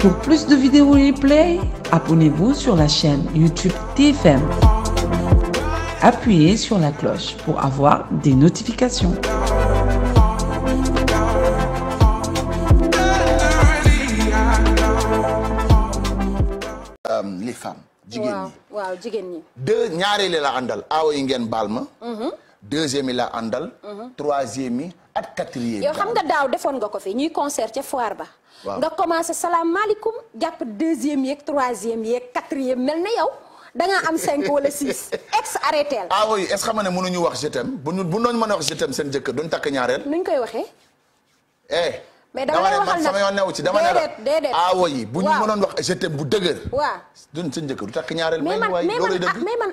Pour plus de vidéos replay, abonnez-vous sur la chaîne YouTube TFM. Appuyez sur la cloche pour avoir des notifications. Euh, les femmes. jigéen ñi waaw la àndal aawa yi ngeen baal ma. Mm-hmm. deuxième yi laa àndal. Mhm. troisième yi ak quatrième yi. yow xam nga daaw defoon nga ko fi ñuy concert ca foire ba. waaw nga commencé salaamaaleykum jàpp deuxième yeeg troisième yeeg quatrième mel na yow. da nga am cinq wala six ex arrêté ah oui est-ce que xam wax je t'aime bu ñu bu mën a wax je t'aime seen jëkkër duñ takk ñaareel. nuñ koy waxee. Eh, mais dama lay waxal nag sama ci dama ne la ah bu ñu mënoon wax je bu dëgër. waaw duñ seen jëkkër du takk ñaareel. may waay man mais man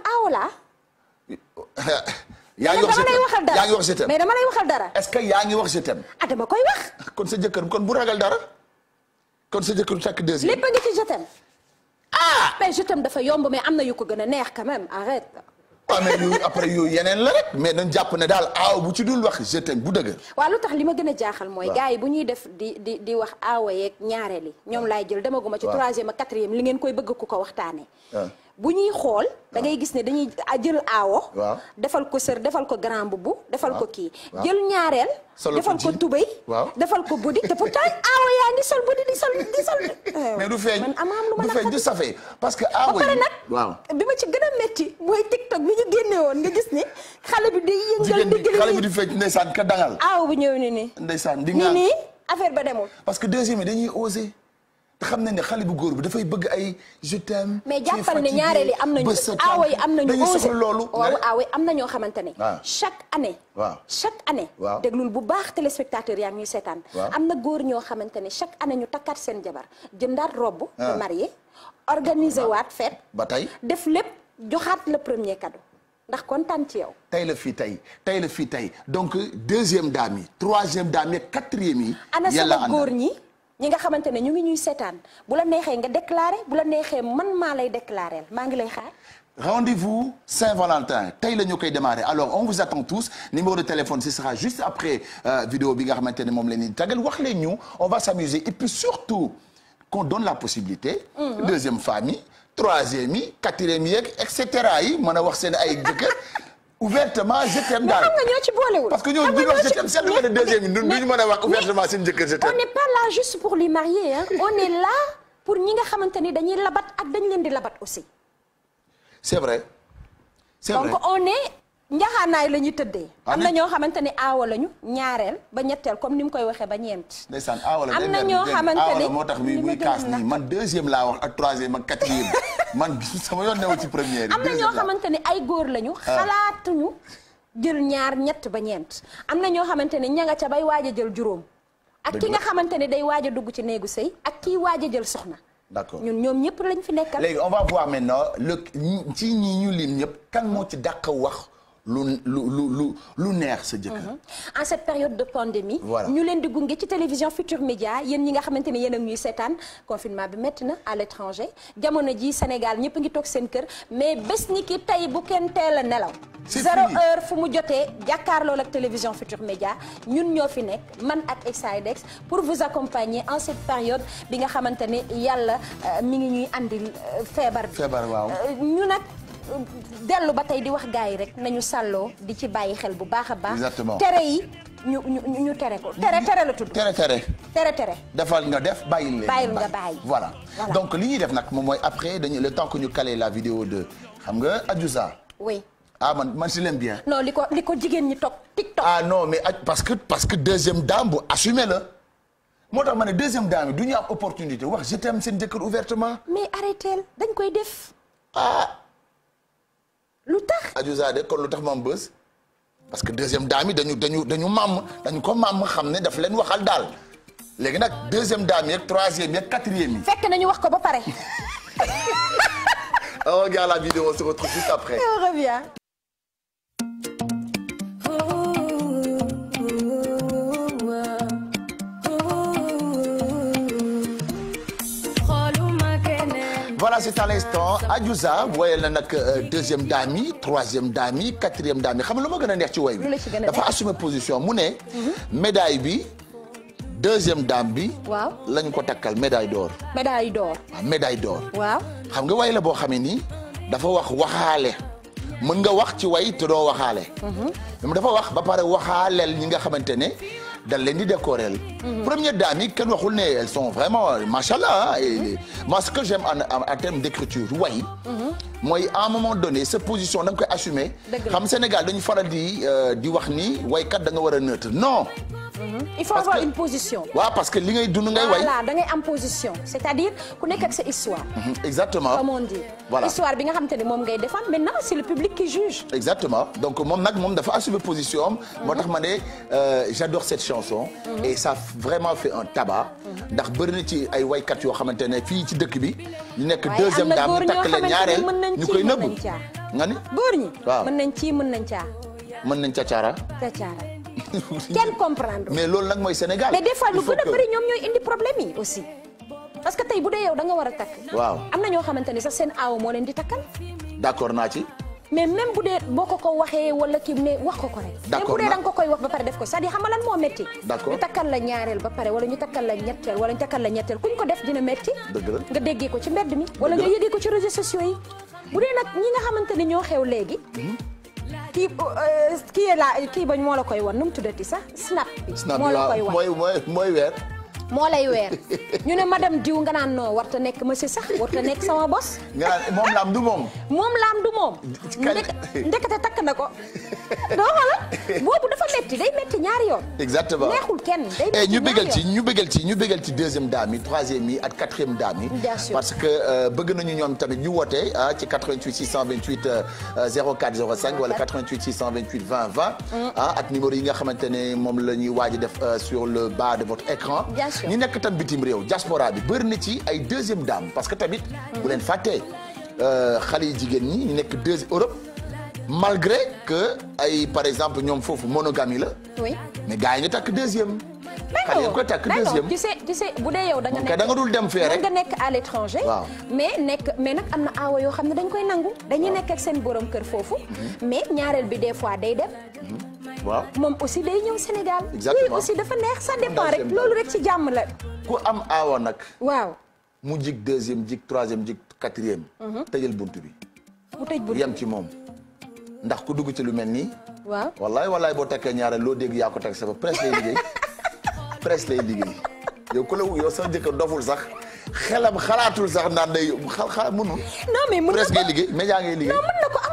yaa ngi wax je t'aime mais dama lay waxal dara est-ce que yaa ngi wax je t'aime ah, koy wax kon sa jëkkër kon bu ragal dara kon sa jëkkër takk deuxième lépp a ngi ci je ah mais je dafa yomb mais am na yu ko gën a neex quand même arrête waaw ah, yooyu yeneen la rek mais nañ jàpp ne daal aaw bu ci dul wax je bu dëgg waaw lu tax li ma gën a jaaxal mooy gars yi bu ñuy def di di di wax aawa yeeg ñaareel ñoom laay jël demaguma ci troisième ak quatrième li ngeen koy bëgg ku ko waxtaane ah. bu ñuy xool da ngay ah. gis ne dañuy ah, jël aawo waaw defal ko sër defal ko grand bubu defal ko kii jël ñaareel defal ko tubéy waaw defal ko budi te pourtant aawo yaa ngi sol budi di sol di sol mais du feeñ man amaam du feeñ du safee parce que aawo yi ba pare nag waaw bi ma ci gën a woon nga gis ni xale bi di yëngal digg bu ñëw ni ni ndeysaan di nga ni nii affaire ba demoon parce que deuxième yi dañuy osé xam nañ ne xale bu góor bi dafay bëgg ay je t'aime mais jàppal ne ñaareel yi am nañu aawa yi am nañu dañu soxla loolu waaw am na ñoo xamante ne chaque année waaw chaque année waaw déglul bu baax téléspectateurs yaa ngi seetaan am na góor ñoo xamante ne chaque année ñu takkaat seen jabar jëndaat robb de marié organiser waat fête ba tey def lépp joxaat le premier cadeau ndax kontaan ci yow tey la fii tey tey la fii tey donc deuxième dame yi troisième dame yi quatrième yi ana sama góor ñi ñi nga xamante ne ñu ngi ñuy seetaan bu la neexee nga déclaré bu la neexee man maa lay déclaré maa ngi lay xaar. rendez-vous Saint-Valentin tey la ñu koy démarrer alors on vous attend tous numéro de téléphone ce sera juste après euh, vidéo bi nga xamante ne moom la ñuy tagal wax leen ñu on va s'amuser et puis surtout qu'on donne la possibilité. Mm-hmm. deuxième famille troisième yi quatrième yeeg et cetera yi mën a wax seen ay jëkkër ouvertement je t'aime daal mais xam nga ñoo ci boolewul. parce que ñoo ñu doon je t'aime seen nga ne deuxième bi duñu mën a wax ouvertement seen jëkkër je t'aime. on n'est pas là juste pour les mariés hein on est là pour ñi nga xamante ni dañuy labat ak dañ leen di labat aussi. c'est vrai. c'est vrai donc on est. njaxaanaay la ñuy tëddee. am na ñoo xamante ni aawa lañu ñaareel ba ñetteel comme ni mu koy waxee ba ñeent. ndeysaan aawa la am na ñoo xamante moo tax muy muy kaas nii man deuxième laa wax ak troisième ak quatrième man sama yoon newu ci première am na ñoo xamante ni ay góor lañu. Ah. xalaatuñu jël ñaar ñett ba ñeent. am na ñoo xamante ni ña nga ca bay waaj a jël juróom. ak ki nga xamante ni day waaja a dugg ci néegu sëy ak kii waaj a jël soxna. d'accord ñun ñoom ñëpp lañ fi nekkal. léegi on va voir maintenant le ci ñi ñu lim ñëpp kan moo ci dàq wax lu lu lu lu neex sa jëkkër. Mhm. en cette période de pandémie voilà ñu leen di gunge ci télévision Futur Média yéen ñi nga xamante ne yéen a ñuy seetaan confinement bi métti na à l'étranger jamono ji Sénégal ñëpp ngi toog seen kër mais bés ni ki tey bu kenn teel a nelaw. zéro heure fu mu jotee jàkkaarloo ak télévision Futur Média ñun ñoo fi nekk man ak Exaidex pour vous accompagner en cette période bi nga xamante ne yàlla euh, mi ngi ñuy andil euh, feebar bi. feebar waaw euh, ñu nag. dellu ba tey di wax gars yi rek nañu sàlloo di ci bàyyi xel bu baax a baax. exactement tere yi ñu ñu ñu tere ko tere tere la tudd. tere tere. tere tere. defal nga def bàyyil leen. bàyyil nga bàyyi voilà. donc li ñuy def nag moom mooy après dañu le temps que ñu caler la vidéo de xam nga Adiouza. oui. ah man man si l'aime bien. non li ko li ko jigéen ñi toog TikTok. ah non mais ah, parce que parce que deuxième dame bu assumé la moo tax ma ne deuxième dame yi du ñu am opportunité wax je t'aime seen jëkkër ouvertement mais arrêteel dañ koy def. ah. lu tax Adiou Zade kon lu tax maam bës parce que deuxième dame dañu dañu dañu màmm dañu ko màmm xam ne daf leen waxal daal léegi nag deuxième dame yeeg troisième yeeg quatrième yi. fekk nañu wax ko ba pare. on regarde la après. Et voilà c'est à l'instant Adiouza woyal na nag euh, deuxième daam yi troisième daam yi quatrième dame yi xam nga lu ma gën a neex ci way bi dafa assumer position mu ne mhm. médaille bi deuxième dame bi waaw lañ ko takkal médaille d'or médaille d'or waaw ah, médaille d'or waaw xam nga way la boo xamee nii dafa wax waxaale mën nga wax ci way te doo waxaale mhm. dafa wax ba pare waxaaleel ñi nga xamante ne dal leen di décoreel mhm. première dame yi kenn waxul ne elles sont vraiment machallah et mhm. moi ce que j'aime en terme d'écriture way mhm. mooy à un moment donné sa position da nga koy assumer xam Sénégal dañu faral di euh, di wax ni waykat da nga war a neutre non Mhm. il faut avoir une parce que li ngay dund ngay way voilà da ngay am position c'est-à-dire ku nekk ak sa histoire. Mhm, exactement comme voilà histoire bi nga xamante ne moom ngay défendre maintenant c'est le public qui juge. exactement donc moom nag mom dafa assumer position am. moo ma ne euh, j'adore cette chanson. Mhm. et ça vraiment fait un tabac. ndax bëri na ci ay way waykat yoo xamante ne fii ci dëkk bi. ñu nekk deuxième dame ñu takk leen ñaareel ñu koy nëbb nga ni góor ñi. waaw mën nañ ci mën nañ caa. mën nañ cacaara. cacaara. kenn comprendre. mais loolu nag mooy Sénégal. mais des fois lu gën a bëri indi problème yi aussi. parce que tey bu dee yow da nga war a takk. am na ñoo xamante ne sax seen aaw leen di takkal. d'accord naa ci. mais même bu dee boo ko ko waxee wala kii ne wax ko ko rek. d'accord bu dee da ko koy wax ba pare def ko c'est-à-dire moo métti. d'accord ñu takkal la ñaareel ba pare wala ñu takkal la ñetteel wala ñu takkal la ñetteel kuñ ko def dina métti. dëgg la nga déggee mi. wala nga yëgee ko ci réseaux sociaux yi. kii euh, kii la kii bañ moo la koy won nu mu tuddati sax snap bi moo la koy won mooy mooy weer moo lay weer ñu ne madame diw nga naan noo warta nekk monsieur sax warta nekk sama bos. nga naan moom laam du moom. moom laam du moom. ndekete takk na ko. doo xoolal boobu dafa metti day metti ñaari yoon. exactement neexul kenn day eh, metti ñu bëggal ci ñu bëggal ci ñu bëggal ci deuxième dame yi troisième yi ak quatrième dame yi. parce que euh, bëgg nañu ñoom tamit ñu woote ah, ci 88 628 04 05 wala 88 628 20 20. ak numéro yi nga xamante ne moom la ñuy waaj def euh, sur le bas de votre écran. ñi nekk tam bitim réew jaspora bi bëri na ci ay deuxième dame parce que tamit bu leen fàttee euh, xale yi jigéen ñi ñu nekk deuxième Europe malgré que ay par exemple ñoom foofu monogamie la oui mais gars yi nga takk deuxième xale yi nga koy takk deuxième tu sais tu sais bu dee yow da nga nekk dul dem fee rek nekk à l'étranger waaw mais nekk mais nag am na aawa yoo xam ne dañ koy nangu dañuy nekk ak seen borom kër foofu mhm. mais ñaareel bi des fois day dem mhm. waaw moom aussi day ñëw Sénégal. exactement aussi dafa neex ça dépend rek loolu rek ci jàmm la. ku am aawa nag. waaw mu jig deuxième jig troisième jig quatrième. Mhm. tëjal buntu bi. mu tëj ci moom. ndax ku dugg ci lu mel nii. waaw wallaay wallaay boo takkee ñaareel loo dégg yaa ko teg sa ba presse lay liggéey presse lay liggéey ku la yow sa jëkkër doful sax. xelam xalaatul sax naan day xal xalaat mënul. non mais mën na na ko am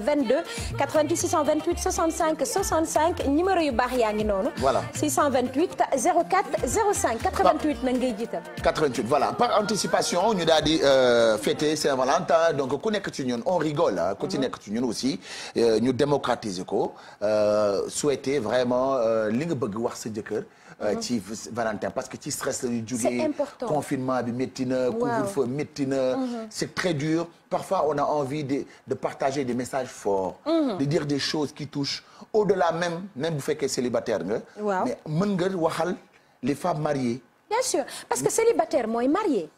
22 88 628 65 65 numéro yu baax yaa ngi noonu. voilà 628 04 05 88 nag ngay jiital. 88 voilà par anticipation ñu daal di euh, fêter Saint-Valentin donc ku nekk ci ñun on rigole ku ci mhm. nekk ci ñun aussi euh, ñu démocratiser ko euh, souhaiter vraiment li nga bëgg wax sa jëkkër. Euh, ci Valentin parce que ci stress la ñu jugee confinement bi métti na couvre-feu métti na mm-hmm. c'est très dur parfois on a envie de de partager des messages forts mm-hmm. de dire des choses qui touchent au-delà même même bu fekkee célibataire nga mais mën nga waxal les femmes mariées bien sûr parce que célibataire mooy marié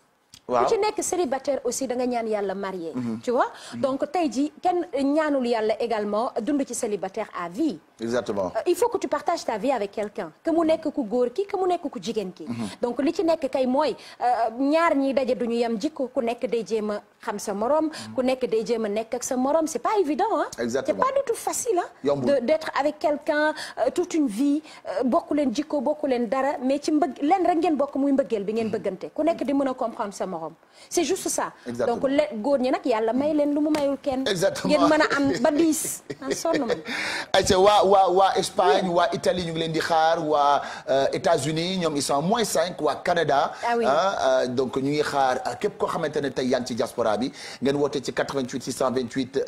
waaw ku ci nekk célibataire aussi da nga ñaan yàlla marié mm-hmm. tu vois donc tey ji kenn ñaanul yàlla également dund ci célibataire à vie exactement euh, il faut que tu partages ta vie avec quelqu'un que mu nekk ku góor ki que mu nekk ku jigéen ki mhm. donc li ci nekk kay mooy euh, ñaar ñiy daje du ñu yem jikko ku nekk day jéem a xam sa morom mhm. ku nekk day jéem a nekk ak sa morom c'est pas évident ah exactement c'est pas du tout facile ah d'être avec quelqu'un euh, toute une vie bokku leen jikko bokku leen dara mais ci mbëgg leen rek ngeen bokk muy mbëggeel bi ngeen bëggante ku nekk di mën a comprendre sa morom c'est juste ça. donc le góor ñi nag yàlla may leen lu mu mayul kenn. exactement ngeen mën a am ba diis. ah sonn ma. ayca waa waa waa Espagne waa Italie ñu ngi leen di xaar waa euh, États-Unis ñoom ils sont moins cinq waa Canada. ah, ah euh, donc ñu ngi xaar euh, képp koo xamante ne tey yaa ngi ci diaspora bi ngeen woote ci 88 628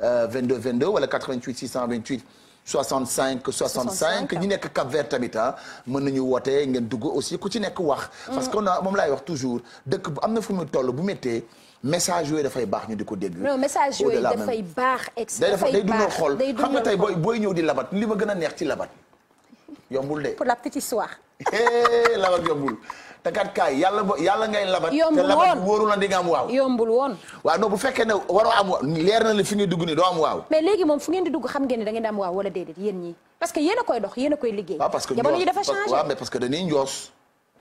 22 22 wala 88 628. cinq 65 cinq ñi nekk Cap Vert tamit ah mën nañu woote ngeen dugg aussi ku ci nekk wax mm. parce que moom laay wax toujours dëkk bu am na fu mu toll bu méttee message yooyu dafay baax ñu di ko dégg non message yooyu dafay baax day dundal xol xam nga tey booy booy ñëw di labat li ma gën a neex ci labat yombul de pour la petite histoire labat yombul te kat kaay yàlla bo yàlla ngay labat. te labat wóoru la di nga am waaw. yombul woon. waaw non bu fekkee ne waroo am leer na la fi ngay dugg nii doo am waaw. mais léegi moom fu ngeen di dugg xam ngeen ne di am waaw parce que yéen a a koy liggéey. waaw ah, parce que jamono dafa changé waaw mais parce que dañuy njoos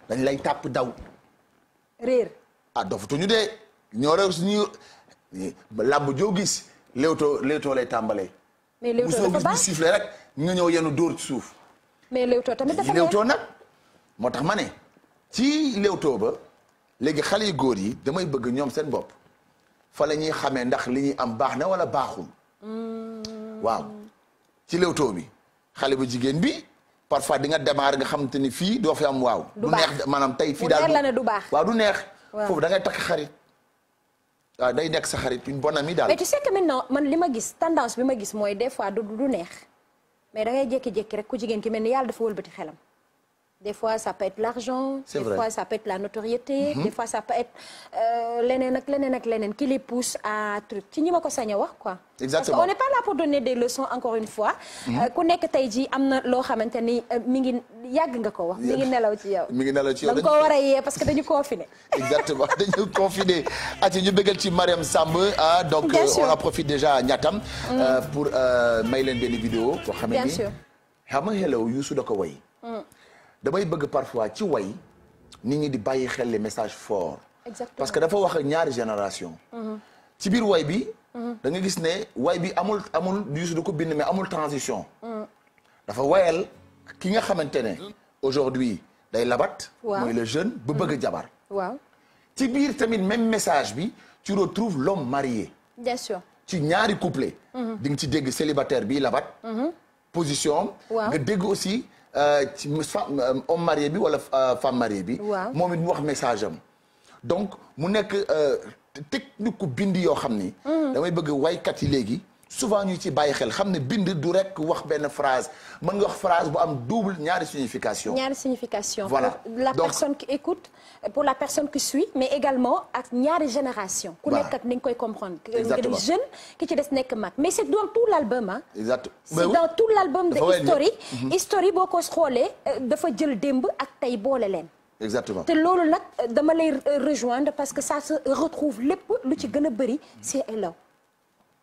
dañ lay tàpp daw. réer. ah dofatuñu de ñoo réew suñuy làmb joo gis léewtoo léewtoo lay tàmbalee. mais léewtoo dafa baax bu soo gis bu sifflé rek nga ñëw yenu dóor ci suuf. mais léewtoo tamit dafa nag moo tax ma ci Leewtoo ba léegi xale yu góor yi damay bëgg ñoom seen bopp fa la ñuy xamee ndax li ñuy am baax na wala baaxul. Hmm. waaw ci Leewtoo bi xale bu jigéen bi parfois di nga nga xam te ni fii doo fi am waaw. du neex maanaam tey fii daal du baax waaw du neex. foofu da ngay takk xarit. waaw day nekk sa xarit une bonne amie daal. mais tu sais que man li ma gis tendance bi ma gis mooy des fois du du neex mais da ngay jékki-jékki rek ku jigéen ki mel ni yàlla dafa wëlbati xelam. des fois ça peut être l'argent des vrai. fois être mhm. euh, leneen ak leneen ak leneen qui les pousse à truc ci ñi ma ko sañ wax quoi exactement parce qu'on n'est pas là pour donner des leçons encore une fois mhm. euh, ku nekk tey jii am na loo xamante ni euh, mi ngi yàgg nga ko wax mi ngi nelaw ci yow mi ngi nelaw ci parce que dañu confiné exactement dañu confiné ati ñu bëggal ci Mariam Samb ah donc on a profite déjà ñaatam mm. pour may leen benn vidéo boo xam ne ni xam nga hello Youssou da ko way mm. damay bëgg parfois ci way ni ñi di bàyyi xel les message forts. exactement parce que dafa wax ñaari génération. Mhm. ci biir way bi. Mhm. da nga gis ne way bi amul amul Youssou da ko bind mais amul transition. Mhm. dafa wayal ki nga xamante ne aujourd'hui day labat. mooy le jeune ba bëgg jabar. waaw biir tamit même message bi tu retrouves l'homme marié. ci ñaari couplets. di nga ci dégg célibataire bi labat. position nga dégg aussi. ci euh, homme marié bi wala euh, femme mariée bi. moom it mu wax message am. donc mu nekk euh, technique ku bind yoo xam ni. Mm. damay bëgg waykat yi léegi. souvent ñu ci bàyyi xel xam ne bind du rek wax benn phrase mën nga wax phrase bu am double ñaari signification. ñaari signification. voilà la donc, personne qui écoute pour la personne qui suit mais également ak ñaari génération. ku nekk ak ni nga koy comprendre. exactement jeune ki ci des nekk mag mais c'est dans tout l'album ah. exactement c'est oui. dans tout l'album de History. Mhm. History boo ko xoolee dafa jël démb ak tey boole leen. exactement te loolu nag dama lay rejoindre parce que ça se retrouve lépp lu ci gën a bëri c'est élaw.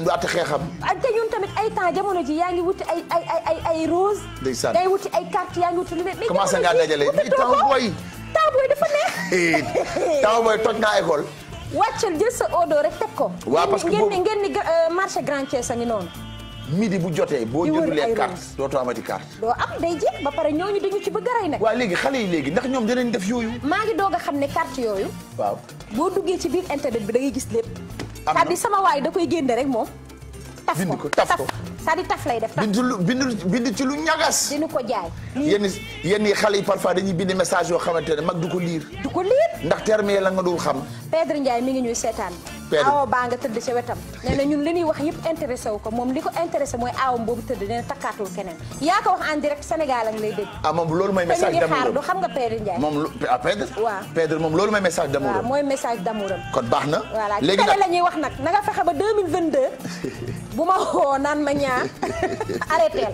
dem du àtte xeexam. a ah, ñun tamit ay temps jamono ji yaa ngi wuti ay ay ay ay rose. ndeysaan ngay wuti ay carte yaa ngi wuti lu ne. mais commencé ngaa dajale lii temps booy. temps booy dafa neex. temps booy toj naa école. wàccal jël sa odo rek teg ko. waaw parce que ngeen ni ngeen ni euh, marché Grand Thiès a ngi noonu. midi bu jotee boo jëndulee carte dootoo amati carte doo am day jeex ba pare ñooñu dañu ci bëgg a rey nag waa léegi xale yi léegi ndax ñoom dinañ def yooyu maa ngi doog a xam ne carte yooyu waaw boo duggee ci biir bi da gis lépp c'est-à-dire sama waay da koy génne rek moom. taf ko taf ko c'est-à-dire taf lay def. bind bind ci lu ñagas. dinu ko jaay. yenn yenn xale yi parfois dañuy bind message yoo xamante ne mag du ko liir. du ko liir. ndax terme la nga dul xam. Pedre Ndiaye mi ngi ñuy seetaan. awa baa nga tëdd ca wetam nee ñun li ñuy wax yëpp intéressé wu ko moom li ko intéressé mooy aawam boobu tëdd nee takkaatul keneen yaa ko wax en direct Sénégal ak lay dégg ah, ah, moom loolu mooy message d'amour xaar du xam nga Pedre Ndiaye moom ah Pedre waaw Pedre moom loolu mooy message d'amour waaw mooy message d'amour am kon baax na voilà léegi nag la na nga fexe ba naan ma ñaar arrêté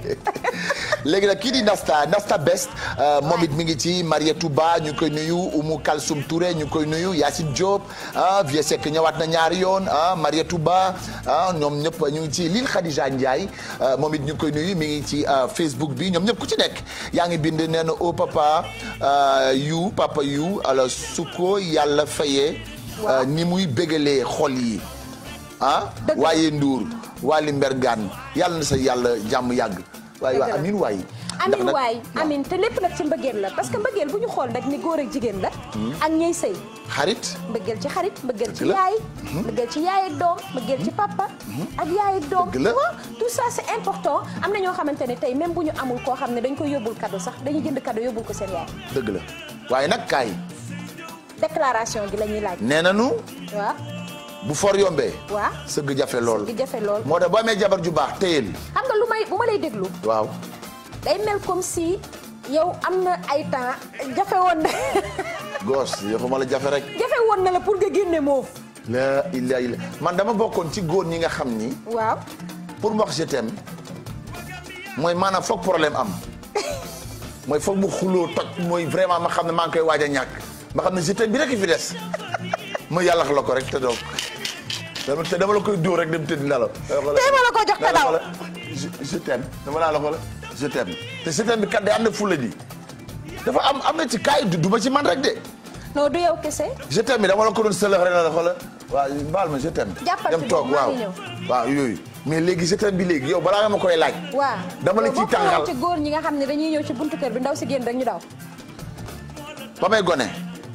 léegi nag kii di Nasta Nasta Best euh, moom it mi ngi ci Marietou Ba ñu koy nuyu Oumou Kalsoum Touré ñu koy nuyu Yacine Diop ah Vieux Seck na ñaar ñaari yoon Ba ñoom ñëpp ñu ngi ci Lille Khadija Ndiaye ah, moom it ñu koy nuyu mi ngi ci ah, Facebook bi ñoom ñëpp ku ci nekk yaa ngi bind nee na au oh, papa ah, yu papa yu alors su ko yàlla fayee. ni muy bégalee xol yi. waaye Ndour Waly Mbergane yàlla na sa yàlla jàmm yàgg. waay waaw amin waay amin waay amin te lépp nag ci mbëggeel la parce que mbëggeel bu ñu xool rek ni góor ak jigéen la hmm. ak ñey sëy xarit mbëggeel ci xarit mbëggeel ci yaay hmm. mbëggeel ci yaay ak doom mbëggeel ci hmm. papa ak yaay ak doom waaw tout ça c'est important am na ñoo xamante ne tey même bu ñu amul koo xam ne dañ koy yóbbul kaddu sax dañuy jënd cadeau yóbbul ko seen yaay dëgg la waaye nag kaay déclaration gi la ñuy laaj nee na nanu waa bu for yombee. waaw sëgg jafe lool sëgg jafe lool. moo tax boo amee jabar ju baax téyel. xam nga lu may bu ma lay déglu. waaw. day mel comme si yow am na ay temps jafe woon na. gos yoxuma la jafe rek. jafe woon na la pour nga génne moof. la illa illa man dama bokkoon ci góor ñi nga xam ni. waaw. pour mu wax mooy maanaam foog problème am mooy foog mu xuloo toj mooy vraiment ma xam ne maa ngi koy waaj a ñàkk ma xam ne je bi rek fi des ma yàlla la ko rek te donc. dama te dama la koy dóor rek dem tëdd nelaw. tey ma la ko jox te daw je t'aime la ko la te je bi kat de am na fulla ji dafa am am na ci kaay du du ma man rek de. non du yow kese. bi dama la ko doon sëlëx rek la xoolal waaw baal ma dem toog waaw waaw yooyu. mais léegi je bi léegi yow balaa nga ma koy laaj. waaw dama la ciy tàngal ci góor ñi nga xam ne dañuy ñëw ci buntu kër bi ndaw si génn rek ñu daw. ba may gone.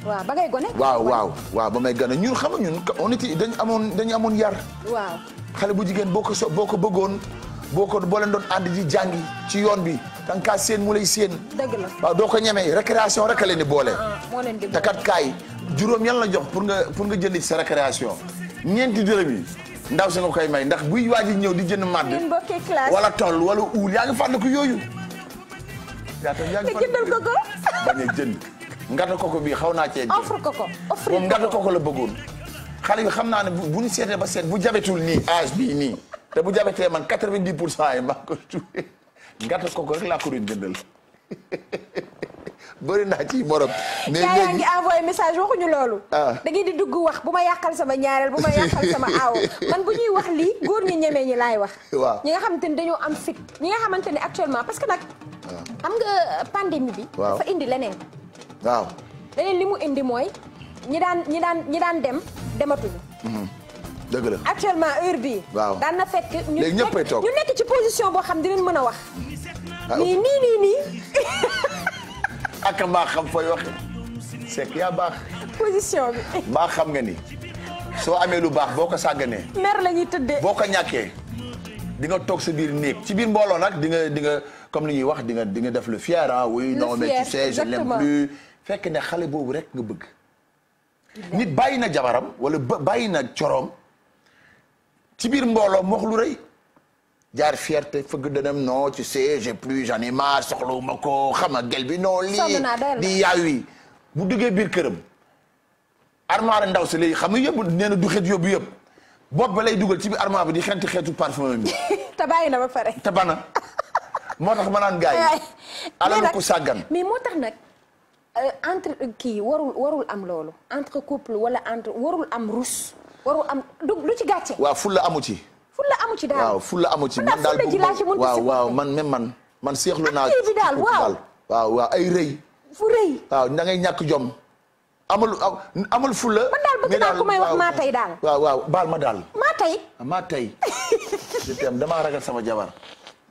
waaw ba gone. waaw waaw waaw ba may gone ñun xam ñun on était dañu amoon dañu amoon yar. xale bu jigéen boo ko so boo ko bëggoon boo ko boo leen doon ànd di jàngi ci yoon bi. kaa seen mu lay seen. dëgg la waaw doo ko ñemee récréation rek a leen boole. Ah, ah, moo leen di boole takat kaay juróom yan la jox pour nga pour nga jëndi sa récréation. ñeenti dërëm yi ndaw si nga koy may ndax buy waaji ñëw di jënd màdd. wala toll wala uul yaa ngi ko yooyu. yaa ngi fàttaliku bañ a jënd. ngata koko bii xaw naa cee. offre koko offre moom ngata koko la bëggoon. xale bi xam naa ne bu ñu seetee ba seet bu jabetul nii âge bii nii te bu jabetee man quatre vingt pour cent yi maa ko tuwe ngata koko rek laa ko doon jëndal bëri ci morom. mais léegi yaa envoyé message waxuñu loolu. Ah. da ngeen di dugg wax bu ma yàqal sama ñaareel bu ma yàqal sama aawo man bu ñuy wax lii góor ñi ñemee ñi laay wax. waaw ñi nga xamante ni dañoo am fit ñi nga xamante ni actuellement parce que nag. Ah. am nga pandémie bi. dafa indi leneen. waaw leneen li mu indi mooy ñi daan ñi daan ñi daan dem dematuñu mhm. dëgg la actuellement heure bii waaw daan na fekk léegi ñëppay toog ñu nekk ci position boo xam dinañ mën a wax ah, nii nii nii nii ak xam fooy wax Seck yaa baax position bi baa xam nga ni soo amee lu baax boo ko sàgganee mer la ñuy tëddee boo ko ñàkkee di nga toog sa biir néeg ci biir mbooloo nag di nga di nga comme li ñuy wax di nga di nga def le fier ah oui non mais tu sais fekk ne xale boobu rek nga bëgg nit bàyyi na jabaram wala bàyyi na coroom ci biir mbooloo moox lu rëy jaar fierté fëgg dënam no ci sais j'ai plus j'en ai marre soxlawuma ko xam lii di yaawi bu duggee biir këram armoire ndaw si léegi xam nga yëpp nee na du xet yóbbu yëpp bopp ba lay dugal ci biir bi di xenti xeetu parfum bi te bàyyi na ba pare te bana moo tax ma naan gars yi alalu Euh, entre euh, kii warul warul am loolu entre couple warul am rus waaw ful la amu ci. ful la ci daal waaw ful man daal ji laa ci mën waaw waaw daal ñàkk jom. amul fula. man daal bëgg naa ku maa tey daal. baal ma daal. maa tey. Ah, maa tey. je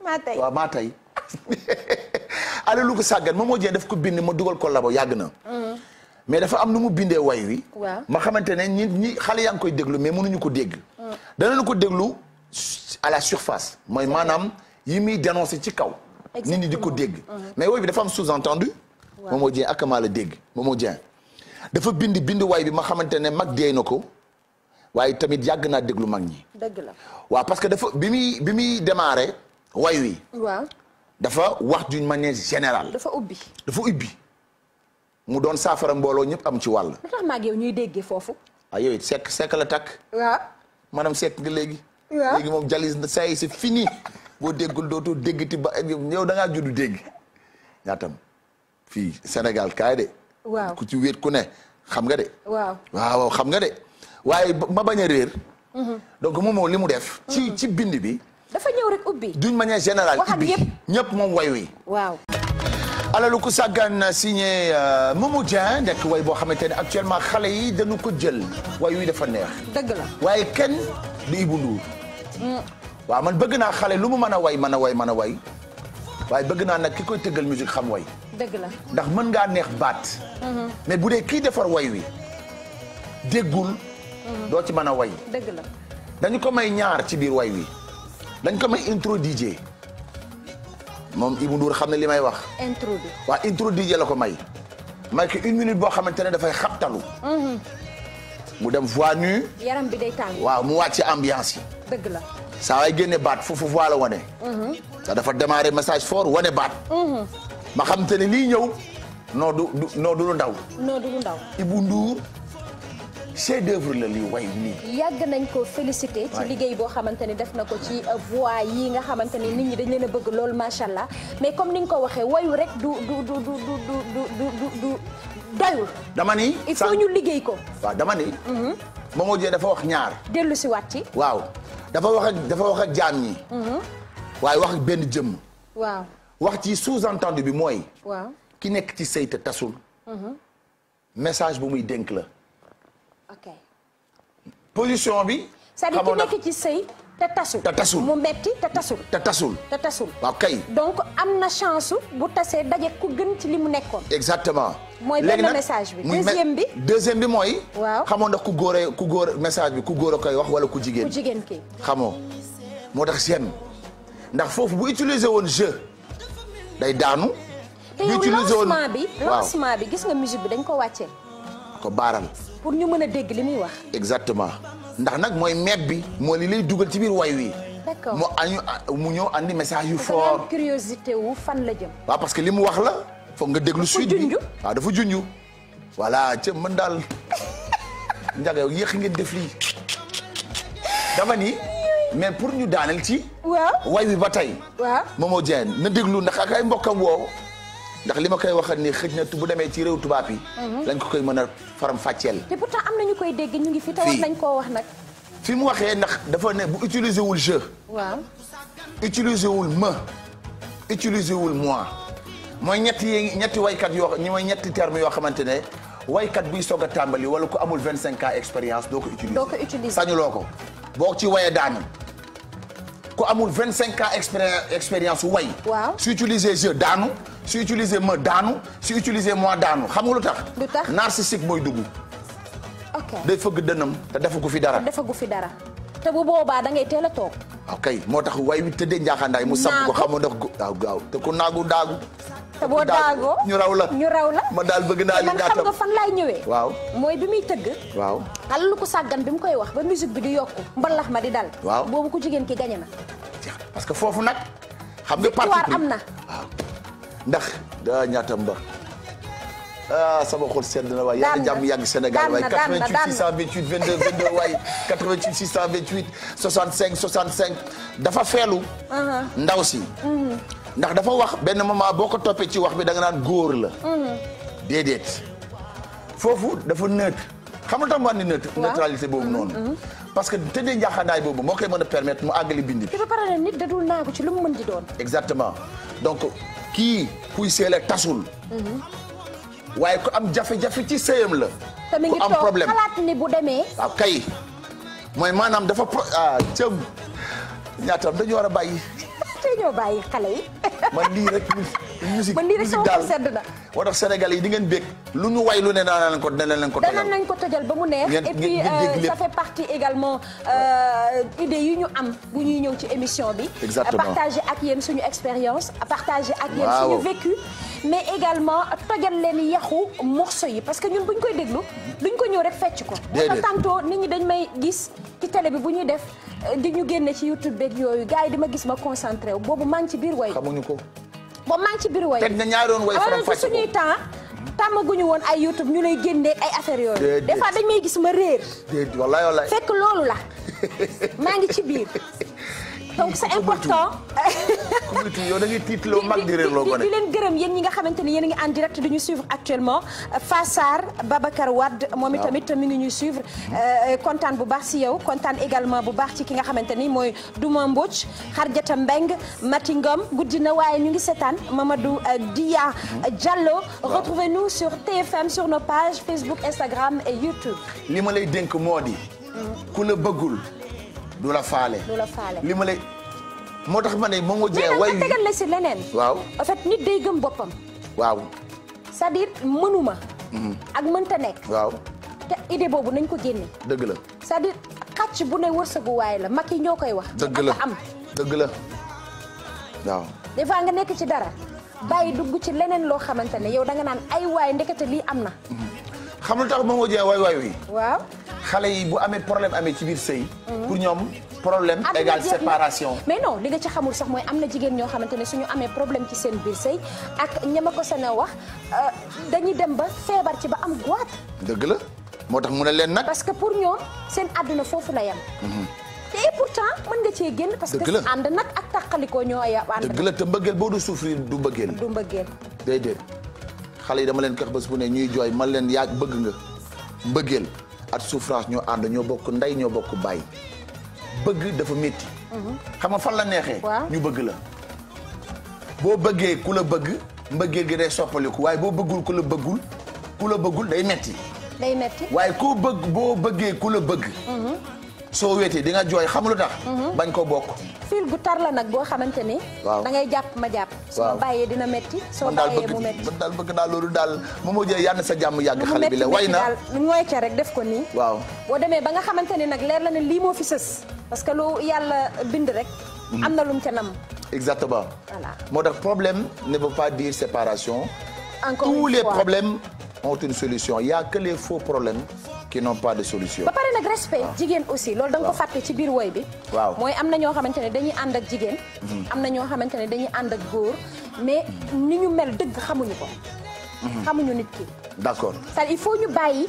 maa tey ale lu ko sàggan moom moo jeen daf ko bind ma dugal ko labo yàgg na mais dafa am nu mu bindee way wi ma xamante ne ñi ñi xale yaa ngi koy déglu mais mënuñu ko dégg mm. danañu ko déglu à la surface mooy maanaam yi muy dénoncé ci kaw nit ñi di ko dégg mm-hmm. mais way bi dafa am sous-entendu moom moo jeen ak maa la dégg moom moo jeen dafa bind bind waay bi ma xamante ne mag deey na ko waaye tamit yàgg naa déglu mag ñi. dëgg la waaw parce que dafa bi muy bi muy démarré way wi. waaw dafa wax d'une manière général dafa ubbi dafa ubbi. mu doon saafara mbooloo ñëpp am ci wàll. lu tax maa déggee foofu. ah yooyu sekk la takk. maanaam sekk nga léegi. waaw léegi moom jalis na saa yi fini boo déggul dootoo déggati ba yow da ngaa juddu dégg ñaatam fii Sénégal kaay de. ku ci wéet ku ne xam nga de. waaw waaw xam nga de waaye ma bañ a réer. Mhm. donc moom li mu def. ci mhm. ci bind bi. dafa ñëw rek ubbi. d'une manière générale ubbi ñëpp moom way wi. waaw. alalu ku sàggan signé euh, Momo Dieng nekk way boo xamante ne actuellement xale yi dañu ko jël way wi dafa neex. dëgg la waaye kenn du Ibou Ndour. Mm. waaw man bëgg naa xale lu mu mën a way mën a way mën a way waaye bëgg naa nag ki koy tëggal musique xam way. dëgg la ndax mën ngaa neex baat. Mm-hmm. mais bu dee kii defar way wi déggul. Mm-hmm. doo ci mën a way. dëgg la dañu ko may ñaar ci biir way wi. dañ ko may intro DJ moom Ibou xam ne li may wax. intro bi waaw la ko may. may ko une minute boo xamante ne dafay xabtalu. Mhm. mu dem voix nu yaram bi day waaw mu wàcc ambiance dëgg la. saa waay génne baat foofu voix la wane. Mhm. te dafa démarrer message fort wane baat. Mhm. ma xam te ne lii ñëw noo du lu ndaw. noo du lu ndaw Ibou chef d'œuvre la li way nii. yàgg nañ ko félicité. ci liggéey boo xamante ni def na ko ci euh, voix yi nga xamante ni nit ñi dañ leen a bëgg loolu macha allah mais comme ni nga ko waxee wayu rek du du du du du du dama ni il ñu liggéey ko. waaw dama ni. Mhm. Momo Dieng dafa wax ñaar. dellu si waat ci. waaw dafa wax ak dafa wax ak jaam ñi. Mhm. waaye wax benn jëmm. waaw wax ci sous-entendu bi mooy. waaw ki nekk ci sëy te tasul. Mhm. message bu muy dénk la. ok position bi. c'est-à-dire ki nekk ci sëy te tasul te tasul mu metti te tasul. te tasul te tasul. waaw kay. donc am na chance bu tasee daje ku gën ci li mu nekkoon. exactement. mooy benn message bi deuxième bi. bi mooy. waaw xamoo ndax ku góoree ku góor message bi ku góor a koy wax wala ku jigéen. ku jigéen kii xamoo moo tax seen ndax foofu bu utiliser woon jeu day daanu. bu utiliser woon te bi lancement bi gis nga musique bi dañ koo wàccee. ko baaral. pour ñu mën a dégg li muy wax. exactement ndax nag mooy meeb bi moo li lay dugal ci biir waay wi. d'accord mu añu ah, mu ñëw andi message yu fort. curiosité fan la parce que li mu wax la foog nga déglu. suite bi waaw dafa junj. voilà ca man daal Ndiaga yow yéex ngeen def lii dama ni mais pour ñu daaneel ci. waaw way ba tey. waaw Momo Dieng na déglu ndax ak ay mbokkam woo. ndax li ma koy waxal ni xëj na bu demee ci réew tubaab yi. Mhm. lañ ko koy mën a faram fàcceel. te pourtant am na ñu koy dégg ñu ngi fi. te nañ koo wax nag. fi mu waxee ndax dafa ne bu utiliser wul je. waaw utiliser wul me. utiliser wul moi. mooy ñetti ñetti waykat yoo xam mooy ñetti termes yoo xamante ne waykat buy soog a tàmbali wala ku amul 25 ans expérience doo ko utiliser. sañuloo ko boo ci waye daanu. ku amul 25 ans expérience expérience way. waaw su utiliser su utiliser ma daanu su utiliser moi daanu xam nga lu tax. lu tax narcissique mooy dugg. ok day fëgg dënam te defagu fi dara. defagu fi dara te bu boobaa da ngay teel a toog. ok moo tax way wi tëddee njaaxaandaay mu sàmm ko xamoo ndax gaaw gaaw te ku naagu daagu. te boo daagoo ñu raw la ñu raw la ma daal bëgg naa li ñaatam xam nga fan laay ñëwee. waaw mooy bi muy tëgg. waaw xale lu ko sàggan bi mu koy wax ba musique bi di yokku mbalax ma di dal. waaw boobu ko jigéen ki gañe na. parce que foofu nag. xam nga parti am na. ndax da ñaata mba ah sama xol sedd na waay yàlla jàmm yàgg Sénégal waay 88 628 22 22 waay 88 628 65 65 dafa feelu uh-huh. ndaw si mm-hmm. ndax dafa wax benn moment boo ko toppee ci wax bi da nga naan góor la mm-hmm. déedéet foofu dafa neutre xam nga tax mu àndi neutre neutralité boobu mm-hmm. noonu parce que tëddee njaaxanaay boobu moo koy mën a permettre mu àggali bind bi ba pare nit da dul naa ko ci lu mu mën di doon exactement donc kii kuy seele tasul. waaye ku am jafe-jafe ci sëyam la. ku am problème xalaat ni bu demee. waaw kay mooy maanaam dafa pro ah cëm ñaatam dañu war a bàyyi. dañoo bàyyi xale yi. man lii rek musique musique daal man lii rek sedd na. moo tax Sénégal yi di ngeen bég lu ñu way lu ne dana ko dana leen ko tojal dana leen ko tojal ba mu neex et puis euh, ça fait partie également euh, idée yi ñu am bu ñuy ñëw ci émission bi exactement partager ak yéen suñu expérience partager ak yéen suñu vécu mais également tojal leen yaxu morceau yi parce que ñun buñ koy déglu duñ ko ñëw rek fecc ko moo tantôt nit ñi dañ may gis ci télé bi bu ñuy def di ñu génne ci YouTube beeg yooyu gars yi di ma gis ma concentré wu boobu maa ngi ci biir way xamuñu ko boobu maa ngi ci biir way te ñaari woon way faram fàcce suñuy temps tàmmaguñu woon ay youtube ñu lay génnee ay affaire yooyu des fois dañ may gis ma réer déedéet wallaay wallaay fekk loolu la maa ngi ci biir donc c'est important. compliqué yow da ngay tiitloo mag di di leen gërëm yéen ñi nga xamante ni yéen a ngi en direct du ñu suivre actuellement Fassar Babacar Wade moom itamit mi ngi ñuy suivre euh, kontaan bu baax si yow kontaan également bu baax ci ki nga xamante ni mooy Duma Mbodj Xarjata Mbeng Mati Ngom guddi na waaye ñu ngi seetaan Mamadou euh, Dia Diallo retrouvez-nous sur TFM sur nos pages Facebook Instagram et YouTube li ma lay dénk moo di ku la bëggul du la faale du la faale li ma lay moo tax ma ne moo ngi jee way tegal la si leneen waaw en nit day gëm boppam waaw c'est-à-dire mënuma mm-hmm. ak mënta nekk waaw te idée boobu nañ ko génne dëgg la sadir à dire xàcc bu ne wërsëgu la mag yi ñoo koy wax dëgg la am dëgg la waaw des nga nekk ci dara bàyyi dugg ci leneen loo xamante ne yow danga naan ay waay ndekete lii am na mm-hmm. xam lu tax moo ngi jee waay waay wi waaw xale yi bu amee problème amee ci biir sëy mhm. pour ñoom problème égale séparation mais non li nga ci xamul sax mooy am na jigéen ñoo xamante ne suñu amee problème ci seen biir sëy ak ñama ko seen wax euh, dañuy dem ba feebar ci ba am goiat dëgg la moo tax mu ne leen nag parce que pour ñoom seen àdduna foofu la yem mhm. te pourtant mën nga cee génn parce que ànd nag ak tàqalikoo ñoo ay ànd dëgg la te mbëggeel boo du souffrir du mbëggeel du mbëggeel xale yi dama leen kax bés bu ne ñuy jooy man leen yaag bëgg nga mbëggeel ak souffrance ñoo ànd ñoo bokk ndey ñoo bokk bàyyi bëgg dafa métti mhm. xam nga fan la neexee ñu bëgg la boo bëggee ku la bëgg mbëggee gi day soppaliku waaye boo bëggul ku la bëggul ku la bëggul day metti day metti waaye koo bëgg boo bëggee ku la bëgg mhm. soo wéetee di jooy xam lu tax. Mhm. bañ ko bokk. fil gu tar la nag boo xamante ne. waaw da ngay jàpp ma jàpp. waaw soo bàyyee dina metti soo bàyyee mu metti man daal bëgg daal loolu daal mu mujjee yànn sa jàmm yàgg. xale bi la way na lu mooy ca rek def ko nii. waaw boo demee ba nga xamante ne nag leer la ne lii moo fi sës. parce que lu yàlla bind rek. Mm. am na lum ca nam. exactement. voilà moo tax problème ne veut pas dire séparation. encore tous les problèmes ont une solution il y a que les qui de solution. ba pare nag respect ah. jigéen aussi loolu da nga ko fàtte ci biir woy bi. waaw mooy am na ñoo xamante ne dañuy ànd ak jigéen. Hmm. am na ñoo xamante ne dañuy ànd ak góor mais hmm. ni ñu mel dëgg xamuñu ko. Hmm. xamuñu nit ki. d'accord il faut ñu bàyyi.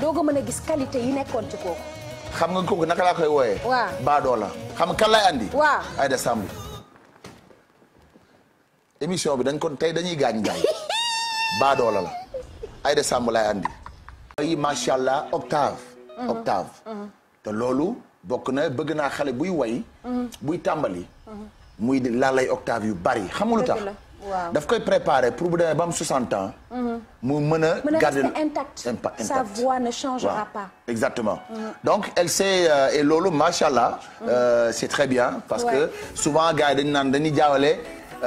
doog mën a gis qualité yi nekkoon ci kooku. xam nga kooku naka laa koy wooyee. waaw baadoo la xam nga kan lay andi. waaw Aïda Samb. émission bi dañ ko tey dañuy gaañ gaañ baadoo la la Aïda Samb lay àndi yi macha allah octave. Mm-hmm. octave. Mm-hmm. te loolu bokk na bëgg naa xale buy way. Mm-hmm. buy tàmbali. muy di laalay octave yu bari xamulu tax waaw daf koy préparer pour bu ba am 60 ans. mu mën a garder intact sa voix ne changera pas. exactement donc elle sait euh, et loolu macha allah. Euh, c'est très bien parce que souvent gars yi dañu naan dañuy jaawale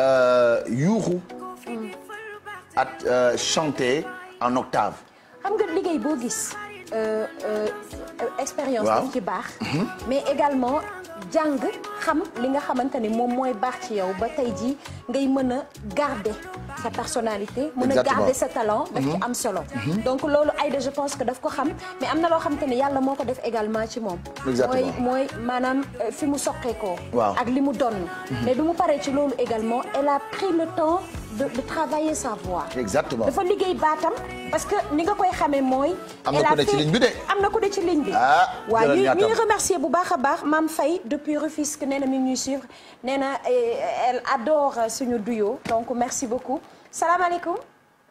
euh, yuuxu. ak chanter en octave. xam nga liggéey boo gis euh, euh, expérience daf ci baax mhm. mais également jàng xam li nga xamante ni moom mooy baax ci yow ba tey jii ngay mën a garder sa personnalité mën a garder sa talent daf ci mhm. am solo mhm. donc loolu Aïda je pense que daf ko xam mais am na loo xamante ni yàlla moo ko def également ci moom mooy mooy maanaam euh, fi mu soqeekoo ak li mu donn mais du mu paree ci loolu également elle a pris le temps de de travailler sa voix. exactement dafa liggéey baatam. parce que ni nga koy xamee mooy. am na ku ne ci ligne bi de. am na ko de ci ligne bi. ah waaw ñu ñu remercier bu baax a baax Mame Faye depuis Rufisque nee na mi ngi ñuy suivre nee na eh, eh, elle adore suñu duo donc merci beaucoup salaamaaleykum.